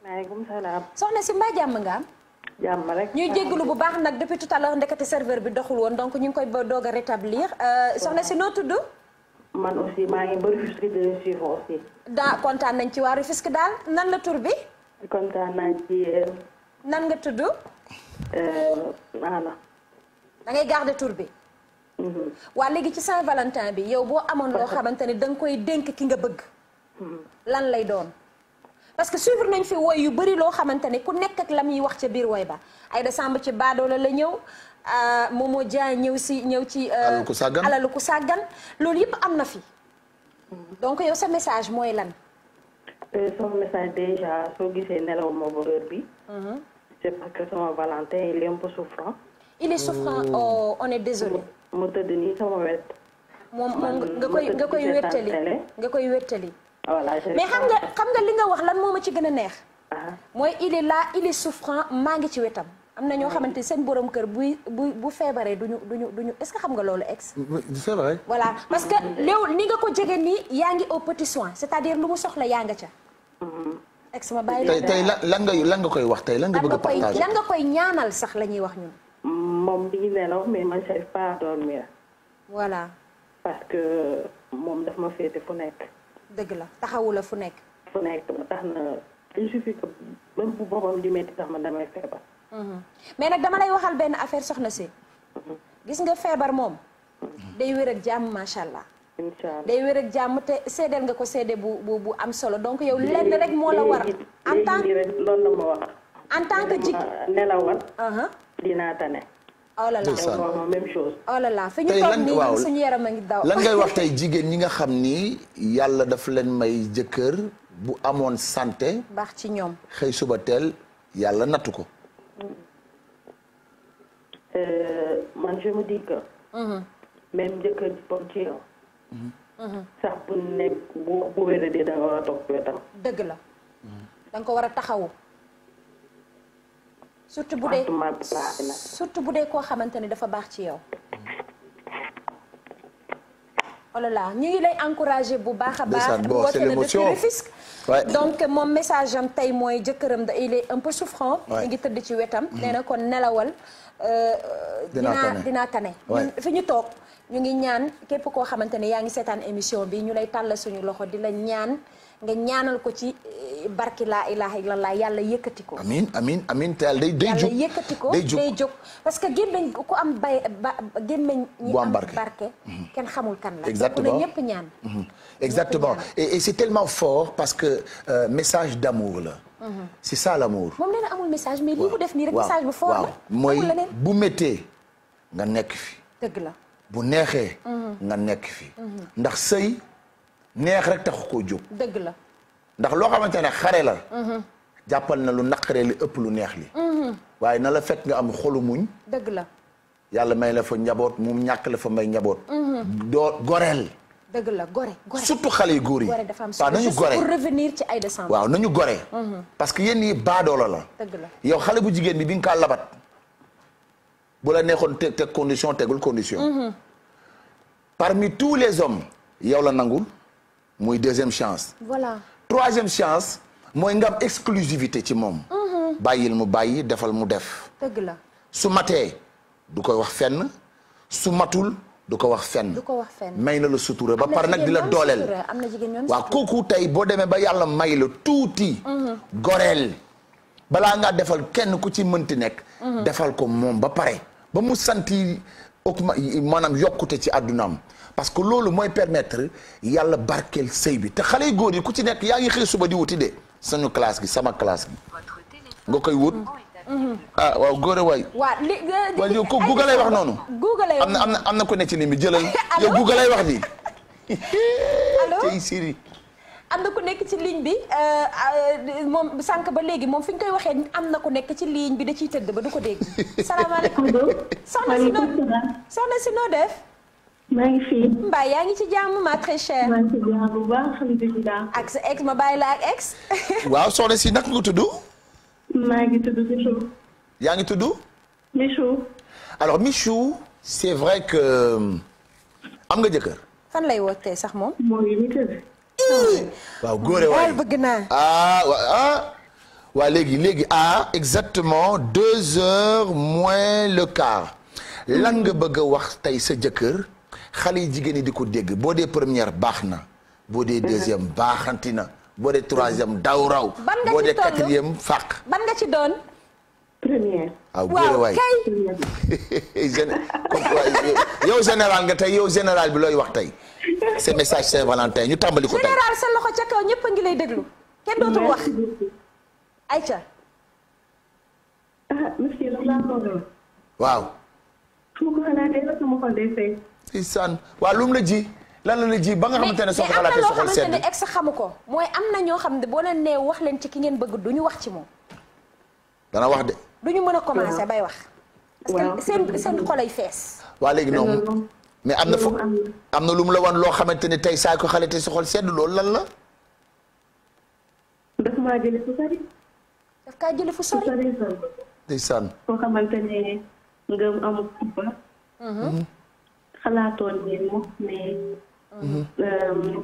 maaleykum salaam. soxna si mbaa jàmm nga am. jàmm rek ñuy jégalu bu baax nag depuis tout à l'heure ndekete serveur bi doxul woon donc ñu ngi koy doog a rétablir euh, soxna si noo tudd. man aussi maa ngi bëri Rufisque daa kontaan nañ ci waa Rufisque daal nan la tur bi. kontaan naa ci. nan nga tudd. maanaam. Euh, da ngay garder tur bi. Mhm. waa léegi ci Saint-Valentin bi yow boo amoon loo xamante ne da koy dénk ki nga bëgg. Mhm. lan lay doon. parce que suivre nañ fi woy yu bëri loo xamante ne ku nekk ak la muy wax ca biir woy ba ay décembre ci baadoola la ñëw. Euh, Momo Dieng ñëw si ñëw ci. Euh, alalu ku sàggan alalu ku loolu yëpp am na fi. donc yow sa message mooy lan. Euh, sama message déjà nelaw ma ba heure bi mhm. c'est parce que sama Valentin oh. Oh, moom moom nga koy nga koy nga koy wéttali. voilà mais xam nga xam nga li nga wax lan moo ma ci gën a neex. Ah. mooy il est là il maa ngi ci wetam. am na ñoo xamante ni seen boroom kër buy bu bu feebaree duñu duñu duñu est-ce que xam nga loolu ex. c'est vrai. voilà parce que léew ni nga ko jege nii yaa ngi au petit soin c'est-à-dire lu mu soxla yaa nga ca. Mm-hmm. ex ma bàyyi tey tey lan nga koy wax tey lan nga bëgg a partager koy ñaanal sax la ñuy wax ñun. moom bi ñu nelaw ma man j'arrive pas à dormir. voilà. parce que moom daf ma féete fu nekk. dëgg la taxawu la fu nekk. fu nekk tax na il suffit que même bu boppam di métti damay feebar. Mhm. mais nag dama lay waxal benn affaire soxna si gis nga feebar moom day wér jàmm macha allah. day wér ak jàmm te seedeel nga ko seede bu am solo donc yow lenn rek moo la war en tant que la ma wax yaram a ngi daw lan ngay wax tey jigéen ñi nga xam ni yàlla daf leen may jëkkër bu amoon santé baax ci ñoom xëy suba teel yàlla nattu ko man je me dis mm-hmm. mm-hmm. Mm-hmm. a toog dëgg la. da ko war a taxawu. surtout bu dee surtout bu dee koo xamante ni dafa baax ci yow. oh là ñu ngi lay encouragé bu baax a baax. donc moom message am tey mooy jëkkëram da il est un peu souffrant. ngi tëdd ci wetam. nee kon nelawal. dinaa dinaa tane fi ñu toog ñu ngi ñaan képp koo xamante ne yaa ngi seetaan émission bi ñu lay tàllal suñu loxo di ñaan nga ñaanal ko ci eh, barki laa la laa yàlla yëkkati ko amin amin amin te yàlla day day jóg yàlla yëkkati ko day jóg parce que gémmeñ ku am bay ba gémmeñ ñi am barke mhm. kenn xamul kan la exactement ñëpp ñaan mhm. exactement et, et c'est telement fort parce que euh, message d'amour la Mhm. c'est ça l'amour. moom nee na amul message mais lii mu def nii rek message bu fort la. mooy bu méttee nga nekk fi. la bu neexee. Mhm. nga nekk fi. Mhm. ndax sëy neex rek taxu koo jóg. dëgg la ndax loo xamante ne xare la. jàppal na lu naqaree li ëpp lu neex li. waaye na la fekk nga am xolu muñ. dëgg la yàlla may la fa njaboot moom ñàkk la fo may njaboot. goreel. dëgg la gore gore surtout xale yu góor yi. gore dafa am solo juste pour ci ay décembre. waaw nañu gore. Mhm. parce que yéen yi baadoola la. dëgg la yow xale bu jigéen bi bi nga kaa labat. bu la neexoon teg condition tegul condition. Mhm. parmi tous les hommes yow la nangul muy deuxième chance. voilà troisième chance mooy nga am exclusivité ci moom. Mhm. bàyyil mu bàyyi defal mu def. dëgg la su matee du koy wax fenn su matul. du ko wax fenn may na la sutura ba pare nag di la dooleel waaw kooku tey boo demee ba yàlla may la tuuti mhm. goreel balaa ngaa defal kenn ku ci mënti nekk mhm. defal ko moom ba pare ba mu santi maanaam yokkute ci àddunaam parce que loolu mooy permettre yàlla barkeel sëy bi te xale yu góor yi ku ci nekk yaa ngi xëy suba di wuti de suñu classe gi sama classe gi nga koy wut ah waaw góore waay. waaw li waaye yow ku lay wax noonu. google am na am na am na ku ne ci ligne bi jëlal. yow google lay wax di. allo tey am na ku nekk ci ligne bi euh, euh, moom sànq ba léegi moom fi koy waxee am na ku nekk ci ligne bi da ciy tëdd ba du ko dégg. salaamaaleykum. soxna si noo soxna si noo def. maa yaa ngi ci jàmm ma très chère. maa ngi ak sa ex ma bàyyi la ak ex. waaw soxna si naka nga tudd. maa ngi tudd Michou. yaa ngi tudd. Michou. alors Michou c'est vrai que euh, am nga jëkkër. fan lay wootee sax moom. moo ngi waaw bëgg naa. Ah, ah waa léegi léegi ah exactement deux heures moins le quart lan nga bëgg a wax tey sa jëkkër xale yi jigéen ñi di ko dégg boo dee première baax na boo dee deuxième baaxanti na. boo dee troisième daw raw. ban nga ci boo fàq. ban nga ci doon. première. Ah, waaw kay. yow général nga tey yow général bi looy wax tey. ce message Saint-Valentin ñu tàmbali ko tey. général sa loxo ca kaw ñëpp ngi lay déglu. kenn dootul wax. ayca. ah waaw. su la ji. lan la la ji ba nga xamante ne soo ko xalaatee sedd mais am na loo xamante ne ex xamu ko mooy am na ñoo ne boo leen nee wax leen ci ki ngeen bëgg du ñu wax ci moom. dana wax de. du ñu mën a commencer bay wax. waaw parce waa léegi mais am na fo am na lu la wan loo xamante ne tey saa ko xalaatee sedd loolu lan la. daf maa jëlee kaa jëlee fu sori. ndeysaan. koo xamante ne ngëm amul mhm. Mhm. xalaatoon ngeen moom Euh, mmh.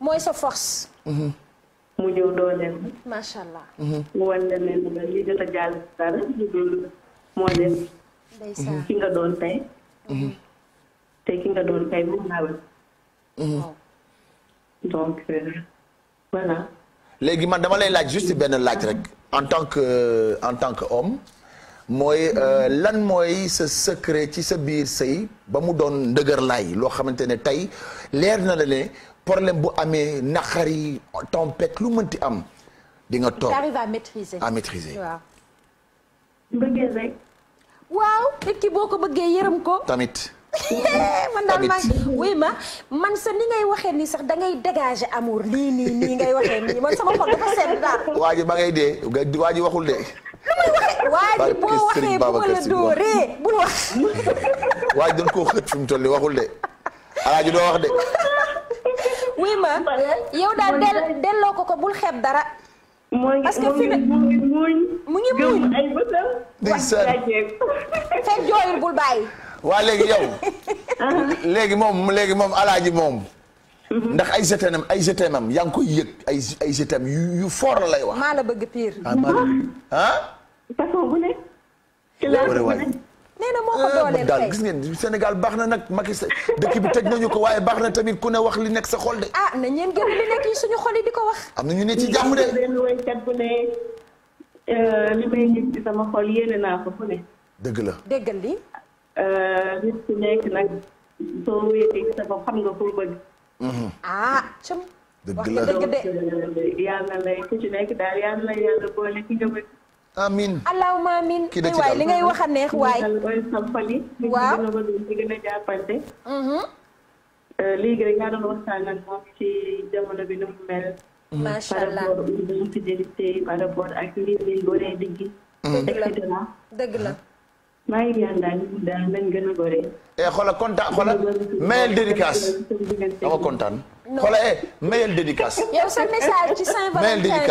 mooy sa force. Mm-hmm. mu ñëw dooleem. macha allah. mu wan la ne la li jot mm-hmm. mm-hmm. euh, man dama lay laaj juste benn laaj rek en tant euh, en tant que homme. mooy euh, lan mooy sa secret ci sa biir sëy ba mu doon ndëgër laay loo xamante ne tey leer na la ne problème bu amee naqari tempête lu mënti am di nga toog t'arrives à maîtriser à maîtriser waaw. bëggee boo ko bëggee yërëm ko. tamit. man daal ma man sa ni ngay waxee nii sax da ngay dégager nii nii ngay waxee nii man sama xol dafa sedd daal. waa ji ba ngay dee waa ji waxul dee. waaj boo waxee bu ma la dóoree bul wax. waaj doon koo xëj fi mu toll nii waxul de alaaji doo wax de. oui ma yow daal delloo ko ko bul xeeb dara. mu ngi muñ mu ngi fekk jooyul bul bàyyi. waa léegi yow. léegi moom léegi moom alaaji moom. Mhm. ndax ay jeteemam ay jeteemam yaa ngi koy yëg ay ay yu yu foor la lay wax. maa la bëgg pire. ah façon bu ne. classe bu ne. nee na moo ko ah, dooleel daal gis ngeen Sénégal baax na nag Macky dëkk bi teg nañu ko waaye baax na tamit ku ne wax li nekk sa xol de. ah na ñeen gëm li nekk suñu xol yi di ko wax. am na ñu ne ci jàmm de. benn woykat bu ne euh, li may gis ci sama xol yéene naa ko fu ne. dëgg la déggal li. Euh, nit ku nekk nag soo wéetee ci sa bopp xam nga foo bëgg. Mhm. ah cëm. dëgg la wax dëgg de. Euh, yàlla lay ku ci nekk daal yàlla lay yàlla boole ki nga bëgg. amin allahumma amin kii da ci waay li ngay wax a neex waay. waaw. Mm-hmm. Euh, léegi rek yaa doon waxtaan ak moom ci jamono bi nu mu mel. Mm-hmm. macha allah par rapport ak infidélité par rapport ak lii nii goree diggi. dëgg la maa ngi ñaan daal daal nañ gën a goree. Eh, xoolal kontaan xoolal mail dédicace. dama kontaan. xoolal eh, mail dédicace. yow sa message ci Saint-Valentin mail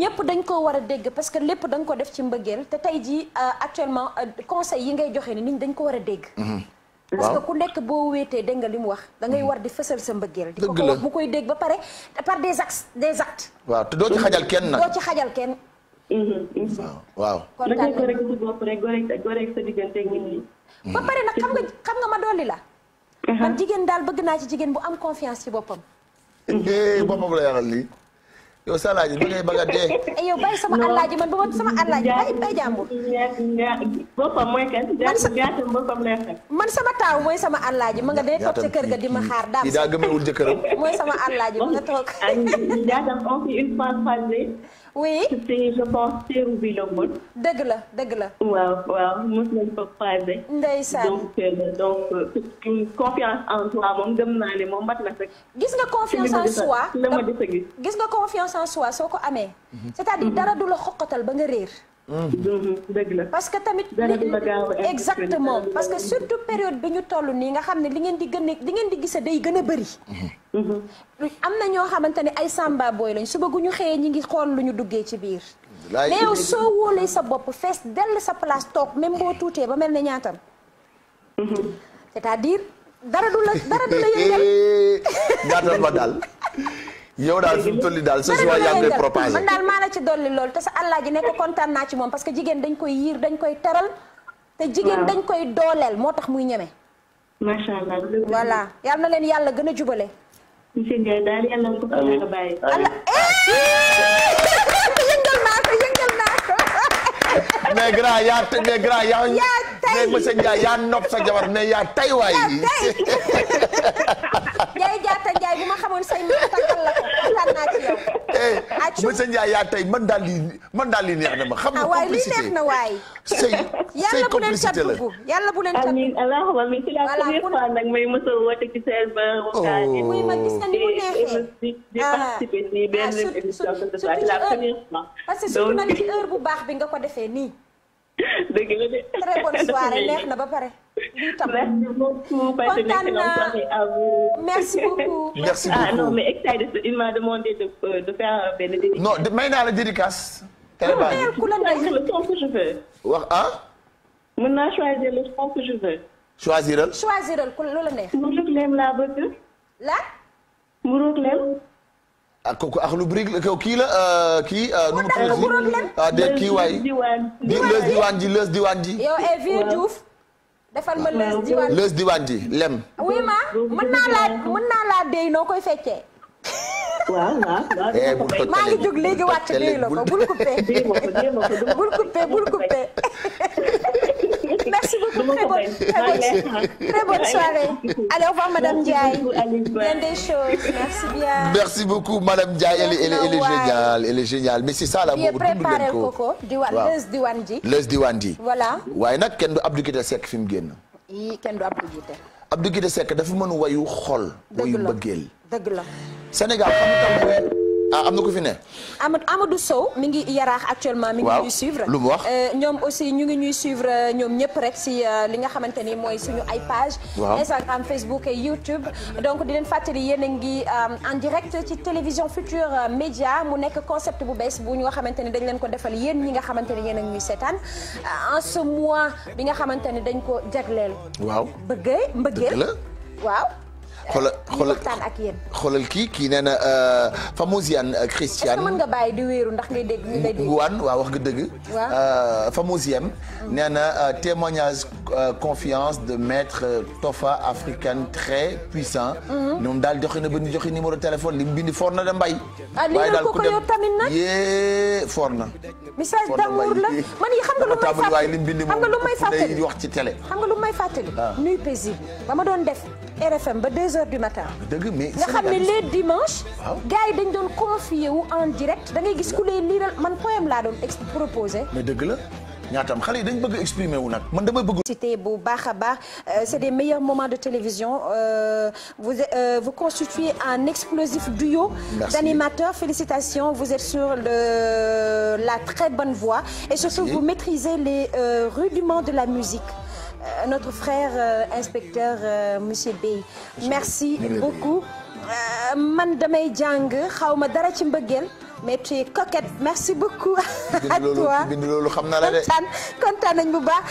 ñëpp dañ ko war a dégg parce que lépp da ko def ci mbëggeel te tey jii euh, actuellement euh, conseil yi ngay joxe ni nit dañ ko war a dégg mhm. parce que ku nekk boo wéetee dégg nga li mu wax da ngay mhm. war di fësal sa mbëggeel di ko ko wax mu koy dégg ba pare par des actes des waaw doo xajal kenn nag ci xajal kenn mhm, waaw ko rek ci bopp rek gorek sa xam nga xam nga ma dolli la man jigéen daal bëgg naa ci jigéen bu am confiance ci boppam eh, boppam la yàlla lii yow sa alaaji bi ngay bëgg a dee. yow bàyyi sama alaaji man ba sama alaaji bàyyi bàyyi jàmbur. boppam mooy man sama taaw mooy sama alaaji ma nga dee toog sa kër ga di ma xaar daam. daa gëmewul jëkkëram. mooy sama alaaji ma nga toog. oui si je pense Seydou bi la woon. la dëgg la. waaw waaw mos nañ ko donc euh, donc euh, confiance en soi moom gëm naa ne moom mat na sax. gis nga confiance en soi la euh, ma gis nga confiance en soi soo ko amee. Mhm. c'est-à-dire mhm. la xoqatal ba nga dëgg la parce que tamit exactement parce que surtout période bi ñu toll nii nga xam ne li ngeen di gën a li ngeen di gise day gën a bëri mm-hmm. am na ñoo xamante ne ay samba booy lañ suba gu ñu xëyee ñi ngi xool lu ñu duggee ci biir mais yow soo wóolee sa bopp fees dell sa place toog même boo tuutee ba mel ne ñaatam mm-hmm. c'est-à-dire dara du la dara du la yëngal eh, eh, eh, ñaatal ba daal yow daal fi mu daal ce soir yaa ngi koy propagé man daal maa la ci dolli loolu te sa allah ji nekk kontaan naa ci moom parce que jigéen dañ koy yiir dañ koy teral te jigéen dañ koy dooleel moo tax muy ñeme macha allah voilà na leen yàlla gën a jubale monsieur Ndiaye daal yàlla ko ko bàyyi eh! yëngal naa ko yaa nopp sa jabar mais yaa tay waay Ndiaye bu ma xamoon say mbir tàggal la ko kontaan naa ci yow. Eh, atiwul monsieur Ndiaye yaa tey man daal lii man daal lii neex na ma. xam nga complicité ah waay lii neex na waay. sëy sëy complicité la yàlla bu leen cat dugg yàlla bu leen cat dugg. voilà ku ne voilà ku ne nag may mos a woote ci seen ba. muy ma gis nga ni mu neexee. di di participer ci benn émission. surtout surtout ci heure parce que surtout nag ci heure bu baax bi nga ko defee nii. dëgg la de. très bonne soirée neex na ba pare. merci beaucoup. kontaan naa merci beaucoup. merci beaucoup ah non mais excité il m'a demandé de euh, de faire benn dédicace. non may naa la dédicace. la neex le son que je veux. wax ah. mën naa choisir le son que je veux. choisiral. choisiral ku loola neex. Mourouk Lem laa bëgg. la. Mourouk Lem. ak ah, kooku ak lu bëri kii la ah, kii ah, nu mu tudd si de kii di lës diwaan ji lës diwaan ji. yow eh, defal ma lës diwaan ji ji lem. oui ma mën naa laa mën noo koy fekkee. Eh, maa ngi jóg léegi wàcc déy la ko bul coupé bul coupé merci beaucoup très bonne, très bonne, très soirée. Allez, revoir Madame Ndiaye. Bien des choses. Merci beaucoup Madame Ndiaye. Elle, elle, elle Mais c'est ça la boobu dund leen ko ko diwaan lës diwaan ji. lës diwaan ji. voilà. waaye nag kenn du Abdou Guité Seck fi mu génn. yii kenn du Abdou Guité. Abdou Guité Seck dafa mën wayu xol. wayu bëggeel. dëgg la ah am na ku fi ne. Amadou Amadou Sow mi ngi yaraax actuellement. mi ngi ñuy suivre lu mu wax. Euh, ñoom aussi ñu ngi ñuy suivre euh, ñoom ñëpp rek si euh, li nga xamante ni mooy suñu ay sa Instagram Facebook et YouTube donc di leen fàttali yéen a ngi en direct ci télévision Futur Média mu nekk concept bu bees bu ñu nga xamante ni dañ leen ko defal yéen ñi nga xamante ni yéen a ngi ñuy seetaan en ce mois bi nga xamante ni dañ ko jagleel. waaw bëggee mbëggeel waaw. xoolal xoolal waxtaan ak yéen xoolal kii kii nee na euh, Famosiane euh, Christiane. est-ce que mën nga bàyyi di wéeru ndax ngay dégg ñu lay wax ga dëgg. waaw euh, Famosiane. nee na témoignage confiance de maître Tofa africain très puissant. Mhm. ñoom daal joxe na ba ñu joxe numéro téléphone li mu bind for na mbay. Ah, waaye daal ku dem na. message d'amour la man yi xam nga lu may fàttali. xam nga lu may ci télé. lu may fàttali. Ah. nuit paisible ba ma doon def. RFM ba 2 heures du matin. dëgg mais nga xam ne les dimanches. waaw ah gars yi dañ doon confier wu en direct. da ngay gis ku lay liiral man poème laa doon ex proposé. mais dëgg la. ñaatam xale yi dañ bëgg exprimer wu nag man dama bëgg. cité bu baax a baax euh, c'est des meilleurs moments de télévision euh, vous euh, vous constituez un explosif duo. d'animateurs félicitations vous êtes sur le la très bonne voie. et surtout Merci. vous maîtrisez les euh, rudiments de la musique. Euh, notre frère euh, inspecteur euh, monsieur Bey merci beaucoup man damay jàng xaw ma dara ci mbëggeel mais tu es coquette merci beaucoup à toi bind loolu xam naa la de kontaan kontaan nañ bu baax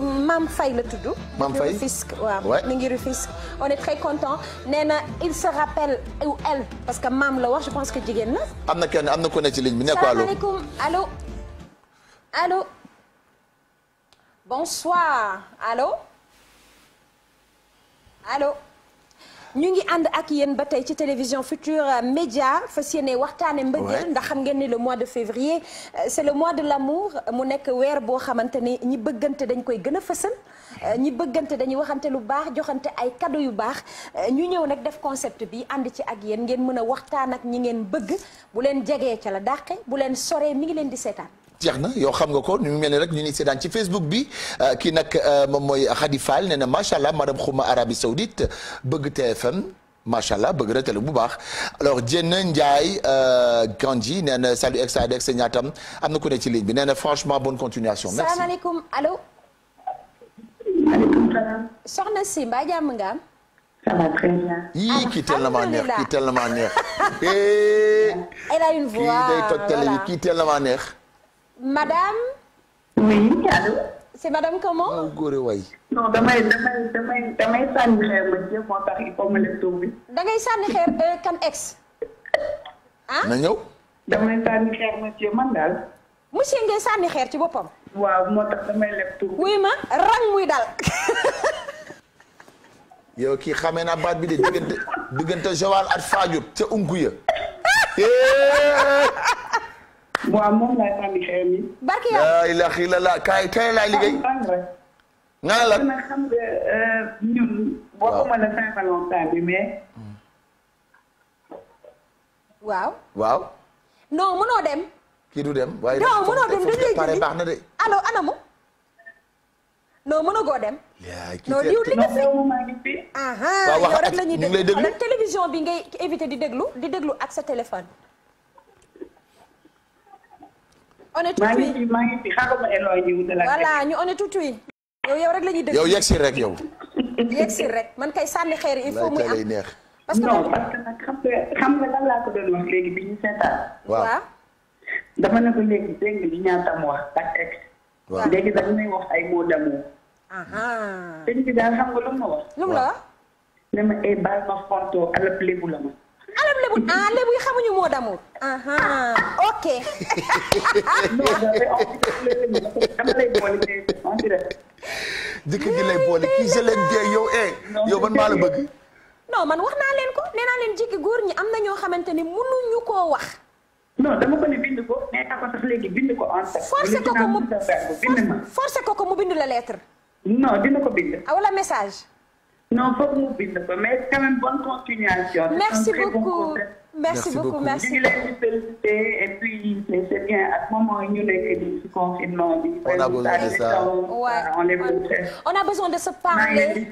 Mame Faye la tudd Mame Faye Rufisque waaw mi ngi Rufisque on est très content nee na il se rappelle ou elle parce que Mame la wax je pense que jigéen na am na kenn am na ku ne ci ligne bi nekk allo salaamaaleykum allo allo bonsoir allo allo ñu ngi ànd ak yéen ba tey ci télévision Futur Média fas yéene waxtaane mbëggeel ndax xam ngeen ni le mois de février euh, c'est le mois de l'amour mu nekk weer boo xamante ni ñi bëggante dañ koy gën a fësal euh, ñi bëggante dañuy waxante lu baax joxante ay cadeau yu baax euh, ñu ñëw nag def concept bi ànd ci ak yéen ngeen mën a waxtaan ak ñi ngeen bëgg bu leen jegee ca la dàqe bu leen soree mi ngi leen di seetaan jeex na yow xam nga ko ñu mel ni rek ñu ni seetaan ci Facebook bi euh, kii nag euh, moom mooy Khady Fall nee na macha allah madame Khouma Arabie Saoudite bëgg TFM. macha allah bëgg na télé bu baax alors Dieng Ndiaye Kandji euh, nee na salut Exadex ñaatam am na ku ne ci ligne bi nee na franchement bonne continuation. merci salaamaaleykum allo. maaleykum salaam. soxna si mbaa jàmm nga am. ça va très bien. yii kii teel na maa neex kii teel na maa neex. Eh. elle a une voix voilà kii day toj télé bi kii teel na maa neex. madame. oui allo. c'est madame comment. waaw ah, góore waay. non damay damay sànni xeer ma jéem moo tax il faut ma leen tuubi. da ngay sànni xeer euh, ah? sànni xeer ci boppam. waaw moo tax damay leb tur. ma rang muy dal. yow kii xamee naa baat bi de diggante diggante Joal ak Fadiouth ca Unkuya. Eh! waaw moom laay sànni xeer mi. barke yow laa ilaaha illallaah kaay tey laay liggéey. nga la xam nga ñun. waaw la saint bi kii du dem waaye. na de. allo anamu. non dem. yaa ngi ci li nga télévision bi ngay éviter di déglu di déglu ak sa téléphone. on est tout maa ngi maa la. yow yow rek ñuy dégg. yow yegg si rek man kay sànni xeer il faut muy lay neex. parce que non parce que ko doon léegi bi ñu seetaan. waaw dama ne ko léegi dégg mu wax ak texte. léegi dañu may wax ay mots d'amour. sëñ bi daal xam nga ne ma eh, ay ma fontoo alal lébu la ma. alam lébu ah lébu yi xamuñu mot d'amour. ok. jëkkër ji lay boole kii je l'aime bien yow eh yow man maa la bëgg. non man wax naa leen ko nee naa leen jikki góor ñi am na ñoo xamante ni mënuñu koo wax. non dama ko ko mais tax sax léegi bind ko en fait. forcé ko ko mu bind ko ko mu bind la lettre. non dina ko bind. Ah, wala message. non foog mu bind ko mais quand même bonne continuation. merci beaucoup. merci beaucoup merci ñu ngi leen di félicité et puis c'est bien ak moment ñu nekk di ci confinement bi. on a besoin de ça on est on a besoin de se parler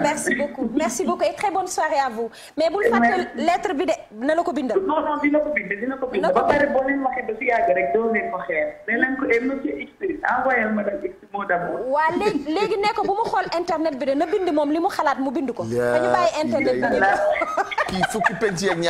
merci beaucoup merci beaucoup et très bonne soirée à vous. mais bul fàtte lettre bi de na la ko bindal. non non dina ko bind dina ko bind. ba pare boo leen waxee ba si yàgg rek doo leen ko xeer. nee leen ko et monsieur X envoyé ma dem X moo d'abord. waaw léegi léegi ne ko bu mu xool internet bi de na bind moom li mu xalaat mu bind ko. dañu bàyyi internet bi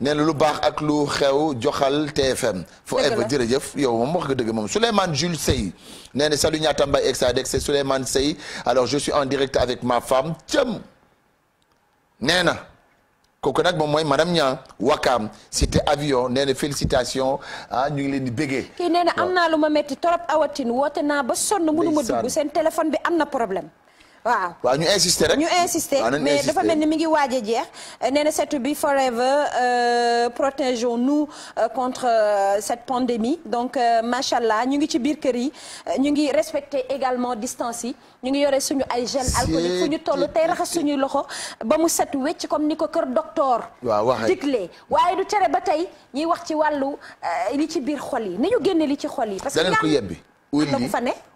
nee na lu baax ak lu xew joxal TFM. forever jërëjëf yow moom wax nga dëgg moom Souleymane Jules Sey nee na salut Ndiatham Mbaye Exadex c'est Souleymane Sey alors je en direct avec ma femme Thiam nee na. kooku nag moom mooy madame Niang Wakam cité avion nee na félicitation ah ñu ngi leen di bégee. nee na am naa lu ma métti trop awatin woote naa ba sonn mënu ma dugg seen téléphone bi am na problème. waa waaw ñu insister rek. ñu insister mais dafa mel ni mi ngi waaj a jeex euh, nee na seetu bi forever euh, protégeons nous euh, contre cette pandémie donc macha allah ñu ngi ci biir kër yi ñu ngi respecter également distance yi ñu ngi yore suñu ay gel alcoolique fu ñu toll tey raxas suñuy loxo ba mu set wecc comme ni ko kër docteur. waaw waxee diglee waaye du tere ba tey ñuy wax ci wàllu li ci biir xol yi nañu génne li ci xol yi. parce que Ouly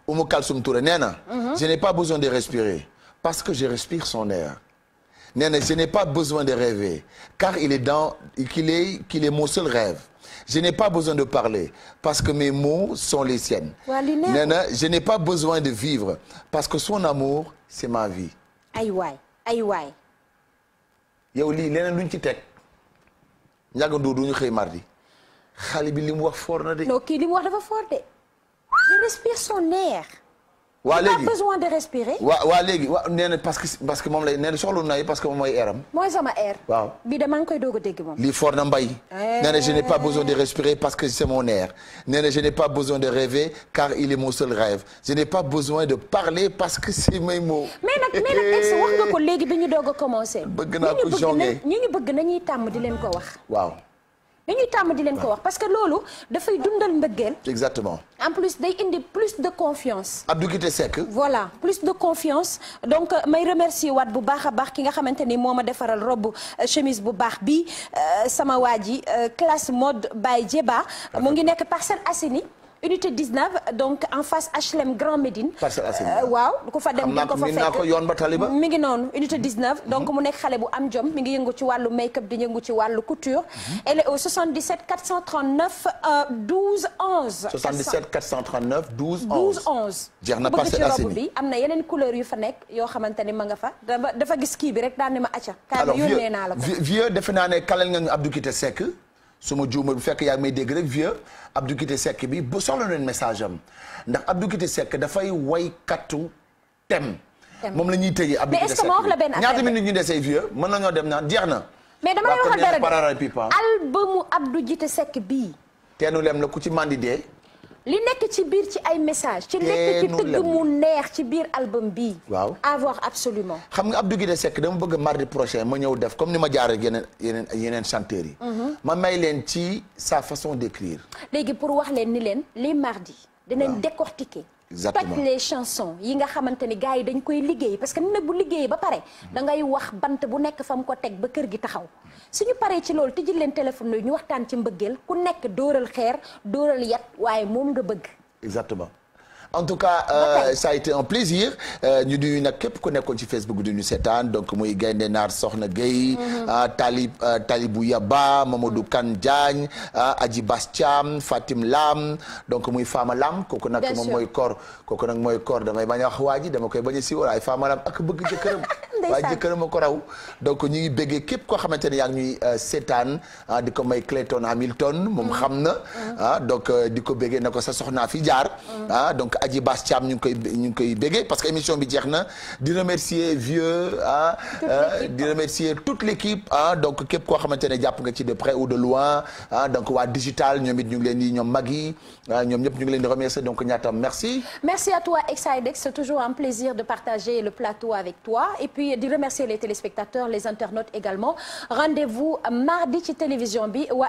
Oumou Kalsoum Touré nee na je n'ai pas besoin de respirer parce que je respire son air nee na je n'ai pas besoin de rêver car il est dans qu'il est qu'il est mon seul rêve je n'ai pas besoin de parler parce que mes mots sont les siennes nee na je n'ai pas besoin de vivre parce que son amour c'est ma vie ay waay ay waay yow lii leneen luñ ci teg ñàggandu duñu mardi xale li mu wax de je respire son air. waa léegi pas besoin waa léegi waa nee na parce que parce que moom lay nee na soxla na parce que moom mooy airam. mooy sama air. koy doog moom. lii fort na mbay. Eh. nee na je n'ai pas besoin de respirer parce que c'est mon air. nee na je n'ai pas besoin de rêver car il est mon seul rêve. je n'ai pas besoin de parler parce que c'est mes mots. mais nag mais nag est-ce wax nga léegi bi ñu doog a commencer. bëgg naa ko jongee ñu ñu di leen ko wax. waaw. dañuy tàmm di leen ko wax parce que loolu dafay dundal mbëggeel. exactement en plus day indi plus de confiance. Abdou Guité Seck. voilà plus de confiance donc euh, may remercier waat bu baax a baax ki nga xamante ni moo ma defaral robe euh, chemise bu baax bi euh, sama waa ji classe mode by Jeba mu ngi nekk seen Assainies unité 19 donc en face HLM Grand Médine. Euh, waaw ku fa dem. ko fa fekk yoon ba taliba mi ngi noonu unité 19. donc mu nekk xale bu am jom mi ngi yëngu ci wàllu make-up di yëngu ci wàllu couture. Mhm. elle est au 77 439 12 11. 77 439 na Parcelles Assainies bi am na yeneen couleur yu fa nekk yoo xamante ni ma nga fa dafa gis kii bi rek daan ne ma acca. alors vieux naa ne kalel su ma juumal bu fekk yaa may dégg rek vieux Abdou Guité sekk bi ba soxla leen message am ndax Abdou Guité Seck dafay waykatu tem moom la ñuy tëjee Abdou Guité ñaata mais est ñu desee vieux mën nañoo dem naan jeex na mais dama lay waxal dara de albumu Abdou Guité Seck bii teenu lem la ku ci mandi dee li nekk ci biir ci ay message ci nekk ci tëgg mu neex ci biir album bii waaw avoir absolument xam nga ab Abdou Guité Seck dama bëgg mardi prochain ma ñëw def comme ni ma jaare yeneen yeneen yeneen chanteurs yi mhm. ma may leen ci sa façon d'écrire léegi pour wax leen ni leen les mardis dinañ décortiquer exactement toutes les chansons yi nga xamante ni gars yi dañ koy liggéey parce que nit nag bu liggéey ba pare mhm. dangay wax bant bu nekk fa mu ko teg ba kër gi taxaw mhm. suñu paree ci loolu tijji leen téléphone yi ñu waxtaan ci mbëggeel ku nekk dóoral xeer dóoral yat waaye moom nga bëgg exactement en tout cas euh, ça a été un plaisir euh, ñu nuyu nag képp ku nekkoon ci Facebook du ñu seetaan donc muy Gaynde Naar Soxna Gueye mhm. ah, Talib euh, Talibou Yaba Mamadou mhm. Kane Diagne ah, Adji Bass Thiam Fatim Lam donc muy Fama Lam kooku nag moom mooy koor kooku nag mooy koor damay bañ wax waa ji dama koy bañ a si wala ay Fama Lam ak bëgg jëkkëram waa jëkkëram ko raw donc ñu ngi béggee képp koo xamante ne yaa ngi ñuy euh, seetaan ah, di ko may Clayton Hamilton moom mhm. xam na donc di ko béggee na ko sa soxnaa fi jaar donc Adji Bass Thiam ñu ngi koy ñu ngi koy béggee parce que émission bi jeex na di remercier vieux ah euh, di remercier toute l'équipe ah donc képp koo xamante ne jàpp nga ci de près ou de loin ah donc waa digital ñoom it ñu ngi leen di ñoom mag yi ah, ñoom ñëpp ñu ngi leen di remercier donc ñaatam merci merci à toi Exidex c'est toujours un plaisir de partager le plateau avec toi et puis di remercier les téléspectateurs les internautes également rendez-vous mardi ci télévision bi waa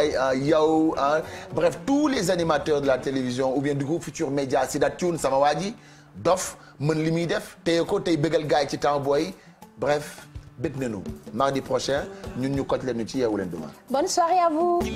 Ndiaye euh, yow euh, bref tous les animateurs de la télévision ou bien du groupe Futur Média Sidat Thioune sama waa ji dof mën li muy def téye ko tey bëggal gars yi ci temps booy bref bët nañu mardi prochain ñun ñu koj leen ci yeewu leen duma. bonne soirée à vous.